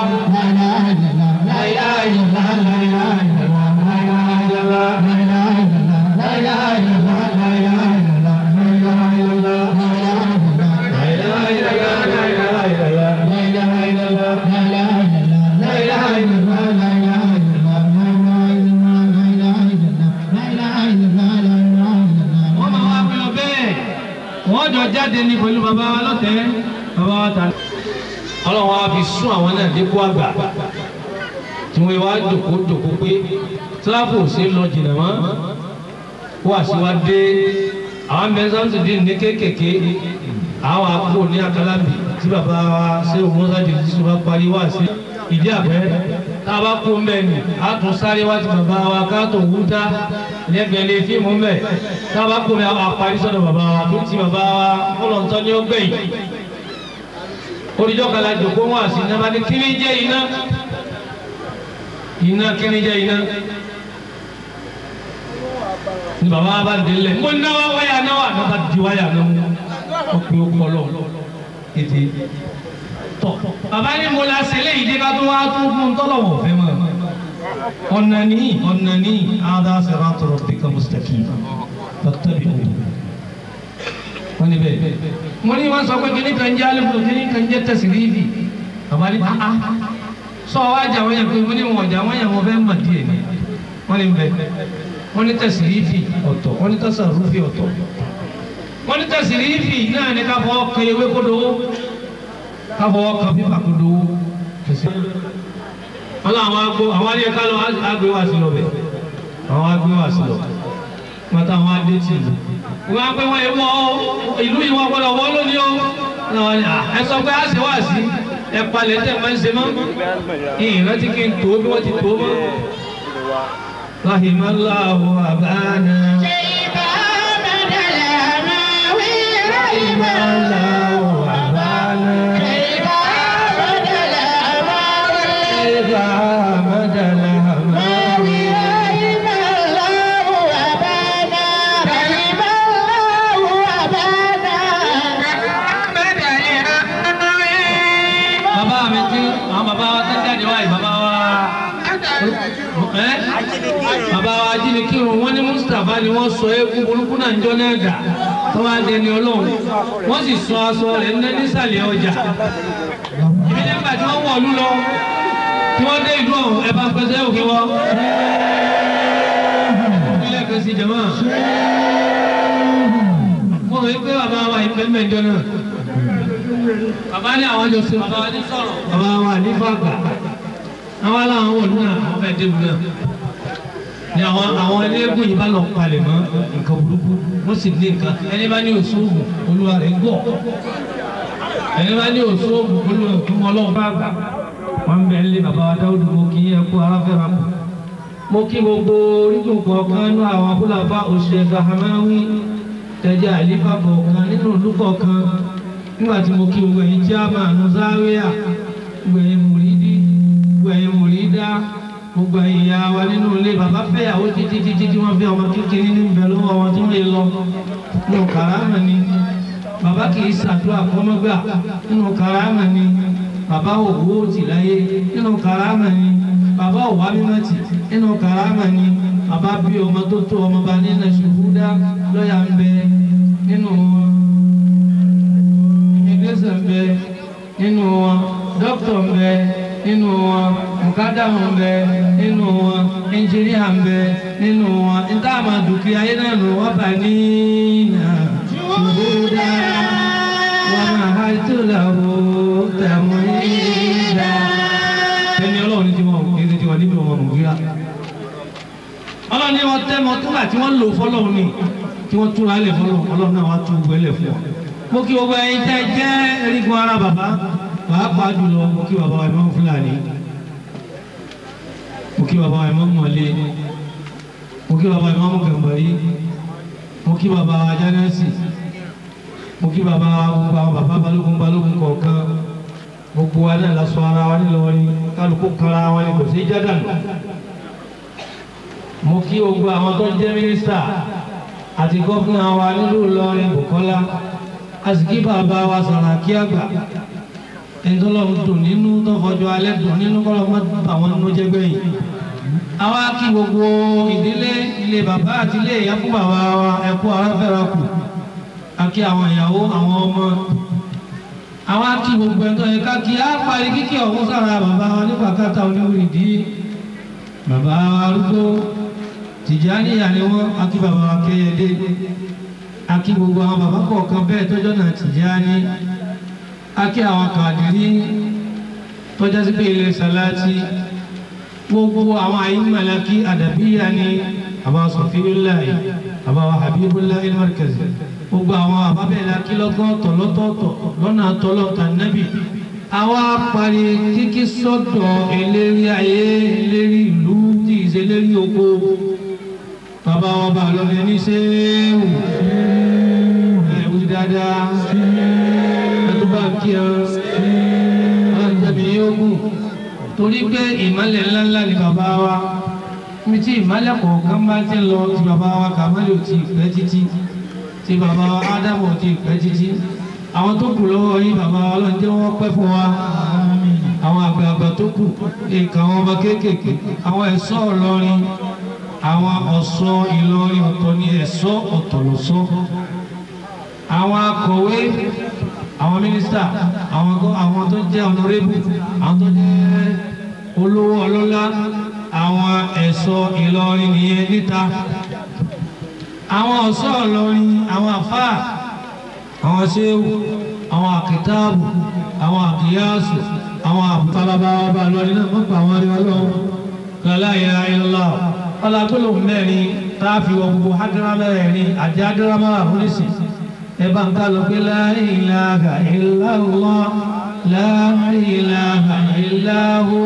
jáde ní pẹ̀lú bàbá wa lọ́tẹ̀ẹ́ bàbá wa tà. ọlọ́run wa fi sún àwọn náà dé kó àgbà tí wọ́n wá jòkó jòkó pé tíráfù ṣe lọ jìnnà mọ́ kó àṣewádé àwọn mẹ́sánsì dín ní kéékèèké àwọn àpò ní akalábì tí bàbá wa ṣé o mọ́sá jẹ́ tí sọ́ba parí wá sí ìdí àbẹ́ tá a bá kó mbẹ́ ni a tún sáré wá ti bàbá wa ká tó wú dá lẹ́gbẹ̀ẹ́ lé fíìmù mbẹ́ tá a bá kó mi àparí sọ́dọ̀ bàbá wa tó ti bàbá wa kọ́lọ̀ ntọ́ ní ọgbẹ́ yìí olùjọ́ kala jòkó wọn àti nàbàdí kí ni jẹ́ iná iná kíni jẹ́ iná ni baba wa ba délẹ̀ mo náwa wáyà náwa náwa di wáyà náwa ọkùnrin ọkọlọ ètè tọ baba ni mo la sẹlẹ̀ yìí dé bá tó wá tó fún tọ́lọ̀ wọ̀ fẹ́ mọ́ ọ̀nà ni ọ̀nà ni ada sẹ̀rọ̀ tọrọ bí kan mustaqim tọ́tàbí òun wọ́n ní bẹ́ẹ̀ wọ́n ní wọ́n sọ pé kíní kan jẹ́ alẹ́ fún kíní kan jẹ́ baba ni ah ah sọ wá jà wọ́n yẹn pé mo ní wọn jà wọ́n yẹn wọ́n fẹ́ mọ̀ díẹ̀ ni wọ́n ní bẹ́ẹ̀ wọ́n ní tẹ̀sírífì ọ̀tọ̀ wọ́n ní tẹ̀sàrúfì ọ̀tọ̀ wọ́n ní tẹ̀sírífì náà ní káfọ́ kẹyẹwé kódowó káfọ́ kàfífà kódowó wọ́n lọ àwọn agbó àwọn adé kálọ̀ agbé wá sí lọ bẹ̀ àwọn agbé wá sí lọ pátá àwọn adé tì í wọ́n á pẹ́ wọ́n ìlú ìwọ́n gbọ́dọ̀ wọ́ lónìí ó ẹ sọ pé a ṣe wá sí i ẹ palẹ̀ tẹ̀ máa ń ṣe mọ́ ìrántí kí n tó bí wọ́n ti tó mọ́. abana. ṣe ìbára dàlẹ́ ni wọ́n sọ eégún burúkú náà ń jọ náà dà tó wá dẹni ọlọ́run wọ́n sì sọ aṣọ rẹ̀ ní nísàlẹ̀ ọjà ìbí nígbà tí wọ́n wọ̀lú lọ tí wọ́n dé ìlú ọ̀hún ẹ bá pẹ́sẹ́ òkè wọ́. ìpínlẹ̀ kan sí jama. mo pé bàbá wa ìfẹ́ mẹ́jọ náà. bàbá ní àwọn jọ sọ̀rọ̀. bàbá wa ní fàgbà. àwọn aláwọn wọ̀lú náà àwọn fẹ́ẹ́ dé ìlú náà ni àwọn àwọn eléégún yìí bá lọ palẹ̀ mọ́ nǹkan burúkú wọ́n sì ní nǹkan ẹni bá ní òṣòwò olúwa rẹ̀ gọ̀ ẹni bá ní òṣòwò olúwa rẹ̀ fún ọlọ́run bá gbà wọ́n bàbá wa dáwọ́ dùn mo kì í ẹkú aráfẹ́ra mọ́ mo kí gbogbo orígun kọ̀ọ̀kan nú àwọn abúlàbá òṣèlú hamawi tẹ̀jẹ́ àlífà kọ̀ọ̀kan nínú ìlú kọ̀ọ̀kan nígbà tí mo kí gbogbo ẹ̀yin jáàmù ànú záwíà gbogbo ẹ̀yin mùrídì gbogbo ìyá wa nínú ilé bàbá fẹ́yàwó títí títí tí wọ́n fẹ́ ọmọ kékeré ní ìbẹ̀ lọ́wọ́ wọn tó lè lọ nínú kàrámà ni bàbá kì í ṣàdúrà kọ́mọ́gbà nínú kàrámà ni bàbá òwò tì láyé nínú kàrámà ni bàbá òwà mímọ́ tì nínú ni bàbá bí ọmọ tó tó ọmọ bá nínú ṣùgbọ́dá lọ́yà ń bẹ nínú ìgbésẹ̀ ń bẹ nínú dókítà ń bẹ nínú wọn mùkádàmù ń bẹ nínú wọn ẹnjìníà ń bẹ nínú wọn nǹkan àmà dúkìá yẹn náà ló wọ́n bá ní ìnà ṣùgbọ́dá wọn àhá tó làwọ̀ tààmù ìdá. ẹni ọlọ́run ní tiwọn kì í ṣe tiwọn níbi ọmọ mùkíyà. ọlọ́run ní wọn tẹ́ mọ túbà tí wọ́n lò fọlọ́run ni tí wọ́n túra lẹ̀ fọlọ́run ọlọ́run náà wá tún gbẹ́lẹ̀ fún wọn. mo kí gbogbo ẹ̀yin tẹ́ jẹ́ erigun ara bàbá pàápàá jùlọ mo bàbá wa Imam Fúlàní mo kí bàbá wa Imam Mọ̀lé mo kí bàbá Imam Gàmbàrí mo kí bàbá wa Jánásì mo kí bàbá wa gbogbo àwọn bàbá balógun balógun kọ̀ọ̀kan gbogbo wa náà lásán ara wa nílọrin kálukú kanra wa ni kò sí jádàlú mo kí gbogbo àwọn tó ń jẹ́ mínísítà àti gómìnà wa nílùú Ìlọrin Bùkọ́lá àsìkí bàbá wa Sàràkí àgbà ntọ́lọ́ dùn nínú tó fọjọ́ alẹ́ dùn nínú kọ́lọ́ mọ́ àwọn nínú jẹ́ gbẹ̀yìn. àwa kí gbogbo ìdílé ilé bàbá àti ilé ìyá fún bàbá wa ẹ̀kú ara fẹ́ra kù àkí àwọn ìyàwó àwọn ọmọ. àwa kí gbogbo ẹ̀tọ́ yẹn ká kí á parí kíkí ọ̀hún sára bàbá wa nípa káta oníwèé ìdí bàbá wa arúgbó Tìjàní ni wọ́n àkí bàbá wa Kẹ́yẹdé àkí gbogbo àwọn bàbá kọ̀ọ̀kan bẹ́ẹ̀ tọ́jọ́ náà Tìjàní akí àwọn kàdírí tọ́jà sí pé ilé sàláàtì gbogbo àwọn àyínmọ̀lá kí àdàbíyà ni àbá sọ̀fíìláì àbá habibullahi markazi gbogbo àwọn àbábẹ́lá kí lọ́gọ́tọ̀ lọ́tọ̀ọ̀tọ̀ lọ́nà àtọ́lọ́ta nábì àwa parí kíkí sọ́dọ̀ eléri ayé eléri ìlú tí ìṣe eléri oko bàbá wọn bá lọ́nà ẹni ṣe dáadáa àjẹbìyókù torí pé ìmọ̀lẹ̀ ńláńlá ni bàbá wa mi tí ìmọ̀lẹ̀ kọ̀ọ̀kan bá ti lọ ti bàbá wa kàmẹ́lì ò ti pẹ́ títí ti bàbá wa ádámù ò ti pẹ́ títí àwọn tó kù lọ́wọ́ yín bàbá wa lọ́n jẹ́ wọ́n pẹ́ fún wa àwọn àgbààgbà tó kù nǹkan àwọn ọmọ kéékèèké àwọn ẹ̀ṣọ́ Ìlọrin àwọn ọ̀ṣọ́ Ìlọrin ọ̀tọ̀ ni ẹ̀ṣọ́ ọ̀tọ̀ lọ́ṣọ́ àwọn akọ̀wé àwọn mínísítà àwọn tó jẹ́ ọ̀nàrẹ́bù àwọn tó jẹ́ olówó ọlọ́lá àwọn ẹ̀ṣọ́ Ìlọrin nìyẹn níta àwọn ọ̀ṣọ́ Ìlọrin àwọn àfáà àwọn ṣéwù àwọn àkìtáàbù àwọn àkìyáàsù àwọn àbúkábábábá lọ́rin náà mọ́pọ̀ àwọn arẹwà lọ́wọ́ lọ́lá ìlà ìlọ́lá ọlá gbọ́dọ̀ mẹ́rin tá a fi wọ gbogbo hágárámẹ́rin àti hágárámẹ́rin àfúnisìn ẹ̀bá ń ká lọ pé la ilaha illallah la ilaha illahu.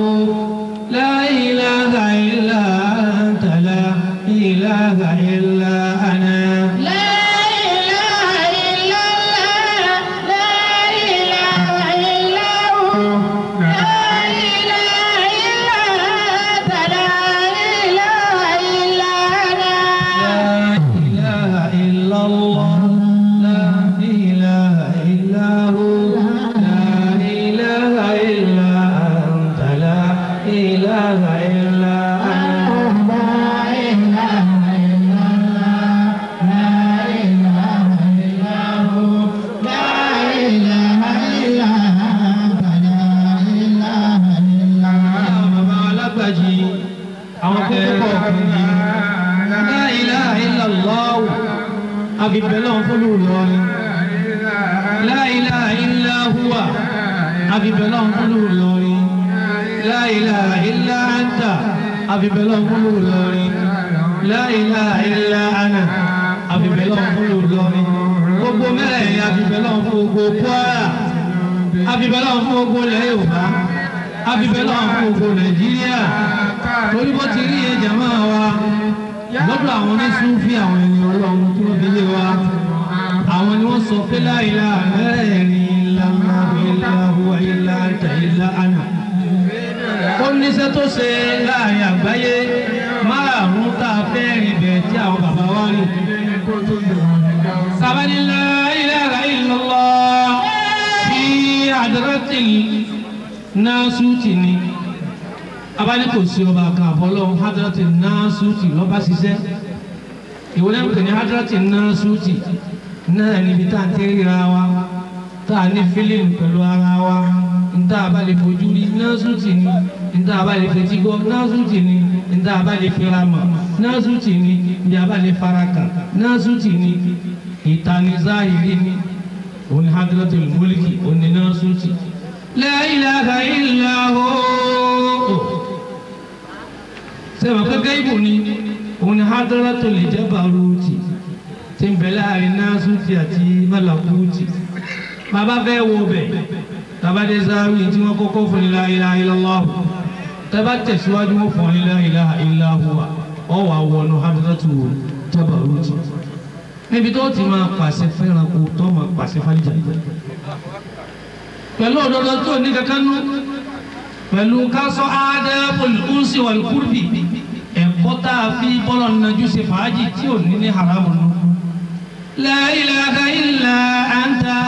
bẹlọ́n la ilaha illa ana àfi bẹlọ́n fún Ìlọrin gbogbo mẹ́rẹ̀ẹ̀rin àfi bẹlọ́n fún gbogbo Kwara àfi bẹlọ́n fún gbogbo ilẹ̀ Yorùbá àfi bẹlọ́n fún gbogbo Nàìjíríà torí bó ti wa lọ́dọ̀ àwọn oníṣúfì àwọn ènìyàn Ọlọ́run wa àwọn ni wọ́n sọ pé láìla mẹ́rẹ̀ẹ̀rin. iṣẹ́ tó ṣe láàrin àgbáyé márààrún tá a fẹ́ rìn bẹ̀ tí àwọn bàbá wa rìn. sàbánilá ilaha illallah fi àdúrátì náà sùtì ni abáni kò sí ọba kan àbọ̀lọ́ àdúrátì náà sùtì lọ́ba ṣiṣẹ́ ìwé náà pè ní àdúrátì náà sùtì náà níbi tá a ti ríra wa tá a ní fílíìmù pẹ̀lú ara wa níta abalẹ̀ fojú rí násùtì ni níta abalẹ̀ fetí gbọ́ násùtì ni níta abalẹ̀ firamọ̀ násùtì ni níta abalẹ̀ farakà násùtì ni ìtaniza ìdí ni òní hadratul mulki òní násùtì. la ilaha illa hu sẹ́wọ̀n kẹ́kẹ́ ibò ni òní hadratul jabaruti tí ń bẹ láàrin násùtì àti malakuti bàbá fẹ́ wo bẹ́ẹ̀ tabade zawi tí wọ́n kọ́kọ́ fún la ilaha illallah taba tẹ̀síwájú wọn fún la ilaha illallah ọ wà wọnú hamzatu jabaruti níbi tó ti máa pàṣẹ fẹ́ràn kó tó máa pàṣẹ fàlìjà pẹ̀lú òdodo tó ní kankan nú pẹ̀lú kásọ̀ adabul unsi wal qurbi tá a fi bọ́lọ̀ nàjú ṣe fàájì tí ò ní ní haramu nù. la ilaha illa anta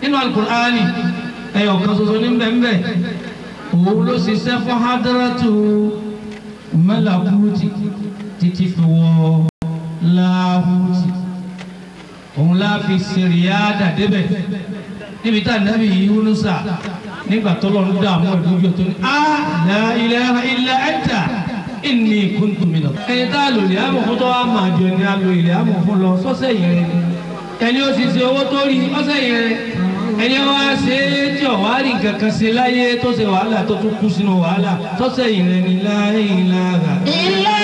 nínú alukur'ani ẹyọ kan ṣoṣo ní bẹ́ẹ̀nbẹ́ òun ló ṣiṣẹ́ fún hadaratu mẹ́làkúrútì títí fi wọ láàrútì òun láàfi sèrìyáàdà débẹ̀ níbi tá ànábì Yunusa nígbà tó lọ́nu dààmú ẹ̀ lójú ọ̀tún ní la ilaha illa anta inni kuntu minal. ẹni tá a lò lè àmọ̀ fún tó wá máa jọ ni a lò lè àmọ̀ lọ sọ́sẹ̀ yẹn ẹni ó ti ṣe owó tó rí ọ̀sẹ̀ yẹn ẹ̀yẹ́ wá ṣe é tí ọ̀wá rí nǹkan kan ṣe láyé tó ṣe wàhálà tó tún kú sínú wàhálà tọ́sẹ̀ ìrẹ́ni láyé ìlànà. ìlà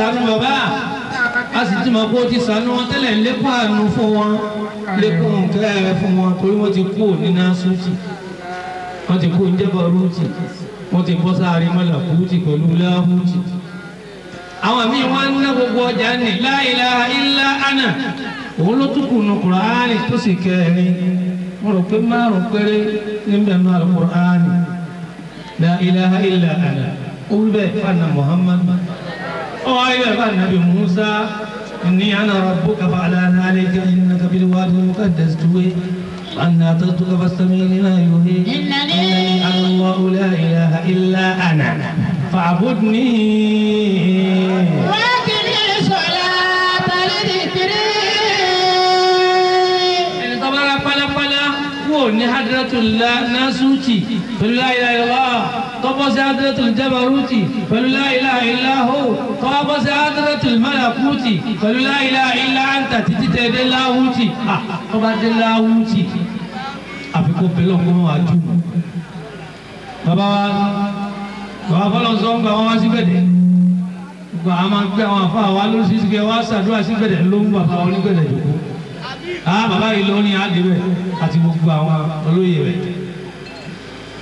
ṣàánú bàbá a sì ti mọ̀ pé ó ti ṣàánú wọn tẹ́lẹ̀ lékún àánú fún wọn lékún nǹkan ẹ̀rẹ́ fún wọn torí wọ́n ti kú òní náà sóòtì wọ́n ti kó njẹ́bọ̀ rúùtì wọ́n ti bọ́ sáré mọ́là kúùtì pẹ̀lú láhùtì. àwọn míì wọ́n ń ná gbogbo ọjà ní la ilaha illa ana òun ló tún kùnú kùránì tó sì kẹrin wọ́n rò pé márùn péré níbẹ̀ náà kùránì la ilaha illa ana òun bẹ́ẹ̀ fana muhammad ọ̀ ayọ̀ fana bi musa inni ana rabbuka fa'alana alayka innaka bil wadi al-muqaddas tuwe. أن تطلب السميع لا يهي إنني أنا الله لا إله إلا أنا فاعبدني ní hadratullah لا إله إلا الله kọ́bọ́ sí adratul jabaruti pẹ̀lú la ilaha illa hu kọ́bọ́ sí adratul malakuti pẹ̀lú la ilaha illa anta títí tẹ̀dé láwùtì kọ́bá dé láwùtì àfikún pẹ̀lú ọkọ̀ wọn àjù. bàbá wa bàbá fọlọ́ sọ ń gba wọn wá síbẹ̀ dé gba a máa gbé àwọn afọ àwa lóṣù sí kẹ wá ṣàdúrà síbẹ̀ dé ló ń bàbá wọn níbẹ̀ dé jòkó. a bàbá yìí lórin àdébẹ̀ àti gbogbo àwọn olóyè rẹ̀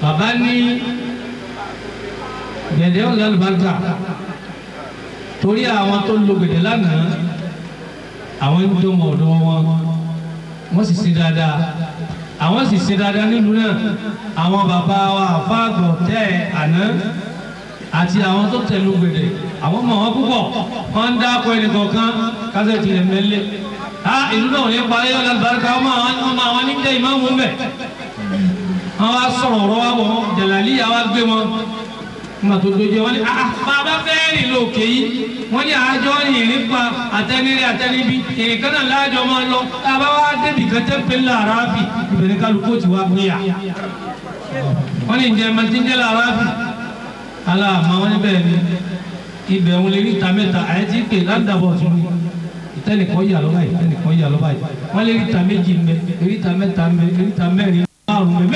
bàbá ní gẹ̀dẹ̀ ọ̀lẹ́ àlùbáríkà torí àwọn tó lo gẹ̀dẹ̀ lánàá àwọn ń dọ́mọ ọ̀dọ́ wọn wọ́n sì ṣe dáadáa àwọn sì ṣe dáadáa nílùú náà àwọn bàbá wa àfáàgbọ̀ tẹ́ àná àti àwọn tó tẹ̀lú gẹ̀dẹ̀ àwọn ọmọ wọn púpọ̀ wọn ń dáko ẹnìkọ̀ọ̀kan kásẹ̀tì rẹ̀ mẹ́lẹ̀ á ìlú náà ò ní parí ọ̀lẹ́ àlùbáríkà ọmọ àwọn oníjẹ́ ìmáàmù mẹ́ àwọn asọ̀rọ̀ ọ̀rọ̀ wa bọ̀ jàlálí àwa gbé wọn nígbà tó dojẹ́ wọ́n ní ah, ah, bàbá fẹ́ẹ́ rìn lókè yìí wọ́n ní àjọ rìn nípa àtẹnirí àtẹnibí ìrìnkan náà láàjọ máa lọ tàbá wá débi kan tẹ́pẹ́ lára bì ìbẹ̀rẹ̀ kálukú ti wá gbéyà wọ́n ní ìjẹ́ mẹtíńjẹ́ lára bì aláàmọ́ wọ́n ní bẹ́ẹ̀ ni ibẹ̀ òun lè rí ìta mẹ́ta àyẹ́ ti pè ládàbọ̀ tún ni ìtẹ́nìkan yà lọ́ba yìí ìtẹ́nìkan yà lọ́ba yìí wọ́n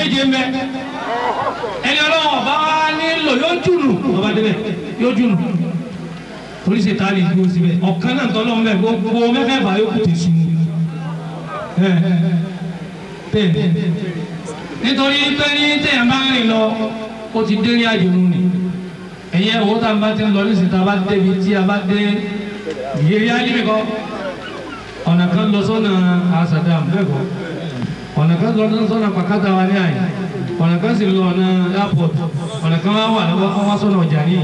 lè rí ìta lọ yóò jùnù ọba débẹ̀ yóò jùnù torí ṣe tá a lè gbó síbẹ̀ ọ̀kan náà tọ́lọ́ mẹ́ gbogbo mẹ́fẹ́ bá yóò kú ti sùn bẹ́ẹ̀ nítorí pé ní téèyàn bá ń rìn lọ ó ti dé ní àjò nù ni ẹ̀yẹ owó tá a bá ti ń lọ nísìnyí tá bá débi tí a bá dé ìyẹ̀rí ayélujára kọ́ ọ̀nà kan lọ sọ́nà àṣàdàm bẹ́ẹ̀ ọ̀nà kan lọ sọ́nà pàkátà wa ní àyè ọ̀nà kan sì lọ ọ̀nà airport ọ̀nà kan wá wà lọ́wọ́ kan wá sọ̀nà ọ̀jà ní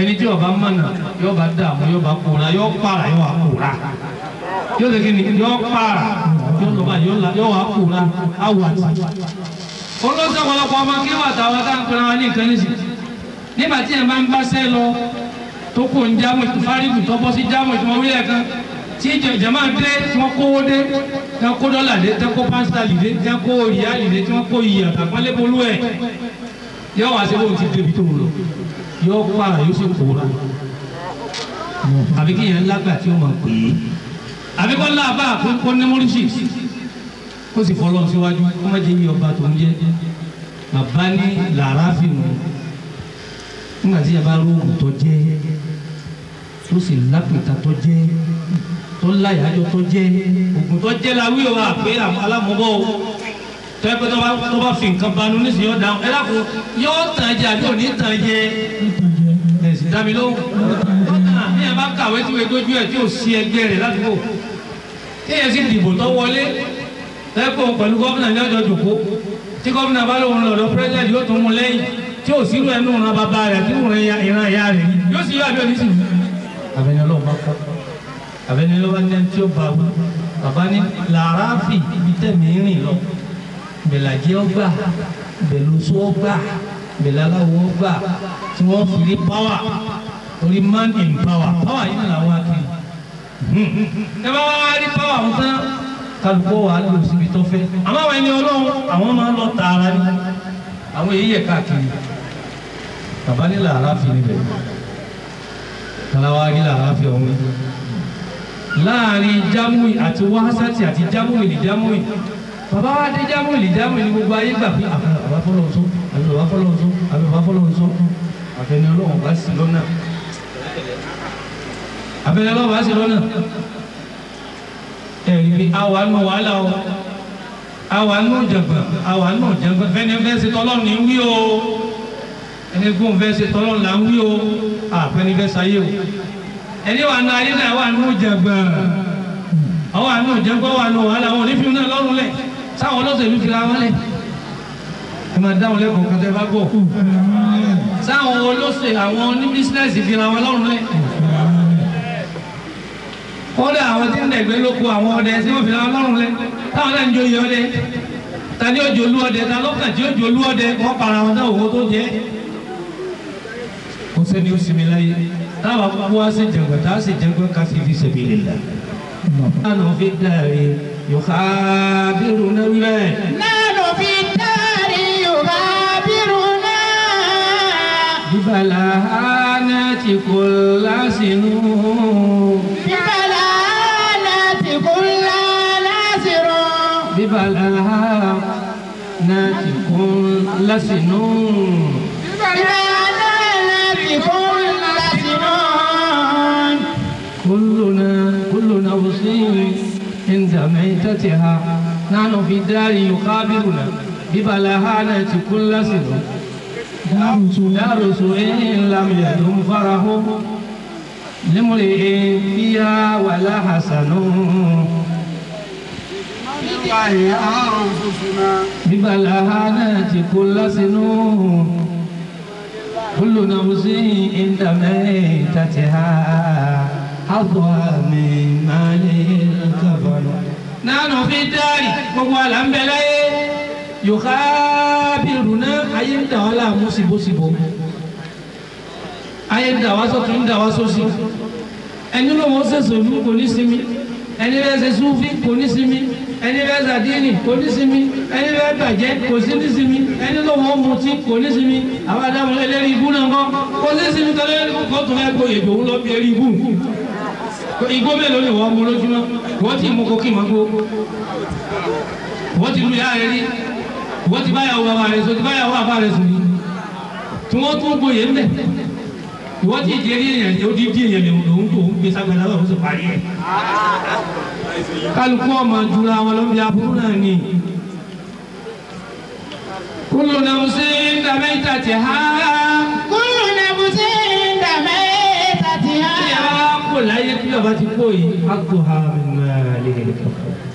ẹni tí ọba mọ̀nà yóò bá dààmú yóò bá kóra yóò pààrà yóò wá kóra yóò lè kíni yóò pààrà yóò lọ́ba yóò wá kóra awọ àti. olóṣèlú ọ̀pọ̀lọpọ̀ ọmọ kí wà táwọn tá à ń pera wọn ní nǹkan níṣì nígbà tí ẹ̀ máa ń bá sẹ́ lọ tó kò ń jáwé fárígù tó bọ́ sí jáwé tó wílẹ̀ kan tí jàmáà dé tí wọ́n kówó dé tí wọ́n kó dọ́là dé tí wọ́n kó pásítálì dé tí wọ́n kó ríálì dé tí wọ́n kó iyì àtàkọ́lébólú ẹ̀ yóò wá sí bóun ti débi tó lọ yóò pààrọ̀ yóò sì kóra àbí kí yẹn lágbà tí ó máa pè é àbí kọ́ láàbà kó ní mọ́lúsì kó sì fọlọ́ síwájú kó má jẹ́ yín ọba tó ń jẹ́ bàbá ní làrá fìmù nígbà tí yàrá rògùn tó jẹ́ tó sì lápẹ̀tà tó jẹ́ tó láyàájọ tó jẹ́ ògùn tó jẹ́ la wí o àpé alámọ̀bọ̀ o tẹ́pẹ́ tó bá fi nǹkan banu nísìnyí ọ̀dà ẹ lákò yọ tàn jẹ àbí òní tàn jẹ ẹ̀sìn dàbí ló ní ẹ bá kàwé tí o dojú ẹ tí o sí ẹgbẹ́ rẹ̀ ládùúgbò tí ẹ sì dìbò tó wọlé tẹ́pẹ́ o pẹ̀lú gómìnà ní ọjọ́ jòkó tí gómìnà bá lóun lọ́dọ̀ pírẹ́sìdẹ̀ntì yóò tún mú lẹ́yìn tí o sírú ẹnu ìran bàbá rẹ̀ tí ìran ìyá rẹ̀ yóò sì yọ àbí òní sì àbẹ́ni ni bá ní ẹni tí ó bá wù bàbá ní làráàfì ibi tẹ̀mí rìn lọ bẹ̀làjẹ́ ọgbà bẹ̀lùsọ ọgbà bẹ̀làláwọ̀ ọgbà tí wọ́n fi rí pàwà orí man in power pàwà yìí nà wọ́n kiri hmm. ẹ bá wá rí pàwà wọn tán kálukú wà á lò síbi tó fẹ́ àmọ́ àwọn ẹni ọlọ́run àwọn máa larafi lọ ni àwọn èyí yẹ káàkiri láàrin jamui, àti wáhásátì àti jamui, lè jámùì bàbá wa dé jámùì lè jámùì ní gbogbo ayé gbà pé ah, ah, àbá fọlọ́n sọ àbí bàbá fọlọ́n sọ àbí bàbá fọlọ́n sọ àfẹnẹ ọlọ́run bá sí lọ́nà àfẹnẹ ọlọ́run bá sí lọ́nà ẹ̀rí pé àwa nù wàhálà o àwa nù jàǹgbà àwa nù jàǹgbà fẹ́ni fẹ́ ṣe tọ́lọ́run ní wí o ẹni gbọ́n fẹ́ ṣe tọ́lọ́run là ń wí o àfẹ́ni ṣayé o ẹni wà nù ayé náà wà nù jẹgbẹ àwọn àánú jẹgbẹ wà nù wàhálà wọn onífìmù náà lọrùn lẹ sáwọn olóṣèlú fira wọn lẹ ẹ máa dáhùn lẹkọọ kan tẹ bá gbọ́ sáwọn olóṣèlú àwọn oní bísínẹsì fira wọn lọrùn lẹ kódà àwọn tí ń dẹ̀gbẹ́ lóko àwọn ọdẹ tí wọ́n fi ra ọlọ́run lẹ táwọn náà ń jó iye ọdẹ tani ó jòlú ọdẹ ta lọ́kàn tí ó jòlú ọdẹ wọ́n para wọn náà owó tó jẹ́ kó sẹ́ni ó sinmi láyé táwa kúkú wá sí jẹ̀gbọ́n tá a sì jẹ̀gbọ́n ká fi fi sabilillah. nánà fi dàrí yorùbá bírù náà mẹ́. nánà fi dàrí yorùbá bírù náà. bíbélà hánà ti kò lásìnú. bíbélà hánà ti kò lásìnú. bíbélà hánà ti kò lásìnú. كلنا كل نفس عند ميتتها نحن في الدار يخابرنا ببلاهانة كل سر دار سوء لم يدم فره لامرئ فيها ولا حسن ببلاهانة كل سنون كل نفس إن ميتتها أطوى من ماله الكفن نحن في الدار وهو لم يخابرنا أيم دولا مصيبو سيبو أيم دوا سوتون دوا سوسي ẹni ló wọ́n ṣe sòlú kò ní sinmi ẹni bẹ́ẹ̀ ṣe súnfí kò ní sinmi ẹni bẹ́ẹ̀ ṣàdínì kò ní sinmi ẹni bẹ́ẹ̀ bàjẹ́ kò sí ní sinmi ẹni ló wọ́n mutí kò ní sinmi àwọn adáwọn ẹlẹ́rìí ibú náà kọ́ kò sí sinmi tọ́lẹ́ kó tún ẹ gbóyè tó ń lọ bí ẹrí ibú igbó mélòó ni wọ́n mú lójúmọ́ wọ́n ti mú kókì mọ́ gbó wọ́n ti lu ìyá rẹ rí wọ́n ti báyàwó bàbá rẹ sùn ti báyàwó bàbá rẹ sùn yìí tí wọ́n tún gboyè ńbẹ̀ wọ́n ti jẹ́ rí èèyàn èèyàn lòun lòun tó ń sagbada lọ́wọ́ sọ parí ẹ̀ kálukú ọmọ jura wọn ló aburú náà ni kúlò náà ń sè é dàmẹ́ta háà. kúrò láyé kí bàbá ti kó yìí a kò ha mi máa lè lè kọ́.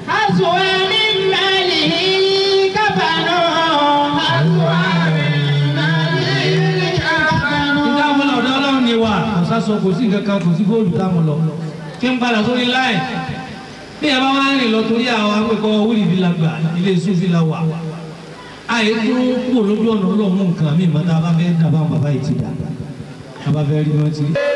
a sọ wá mi máa lè kábà náà sọ ni wà ọ̀sá sọ kò sí nǹkan kan kò sí góòlù táwọn lọ kí n padà sórí láì bí ẹ bá wá rìn lọ torí àwọn akẹ́kọ̀ọ́ wúlì fi la gbà ilé sùn fi la wà àyè kúrò kúrò lójú ọ̀nà ọlọ́run nǹkan mi ìmọ̀ bá fẹ́ dábàá bàbá yìí ti dà a fẹ́ rí wọn ti rí.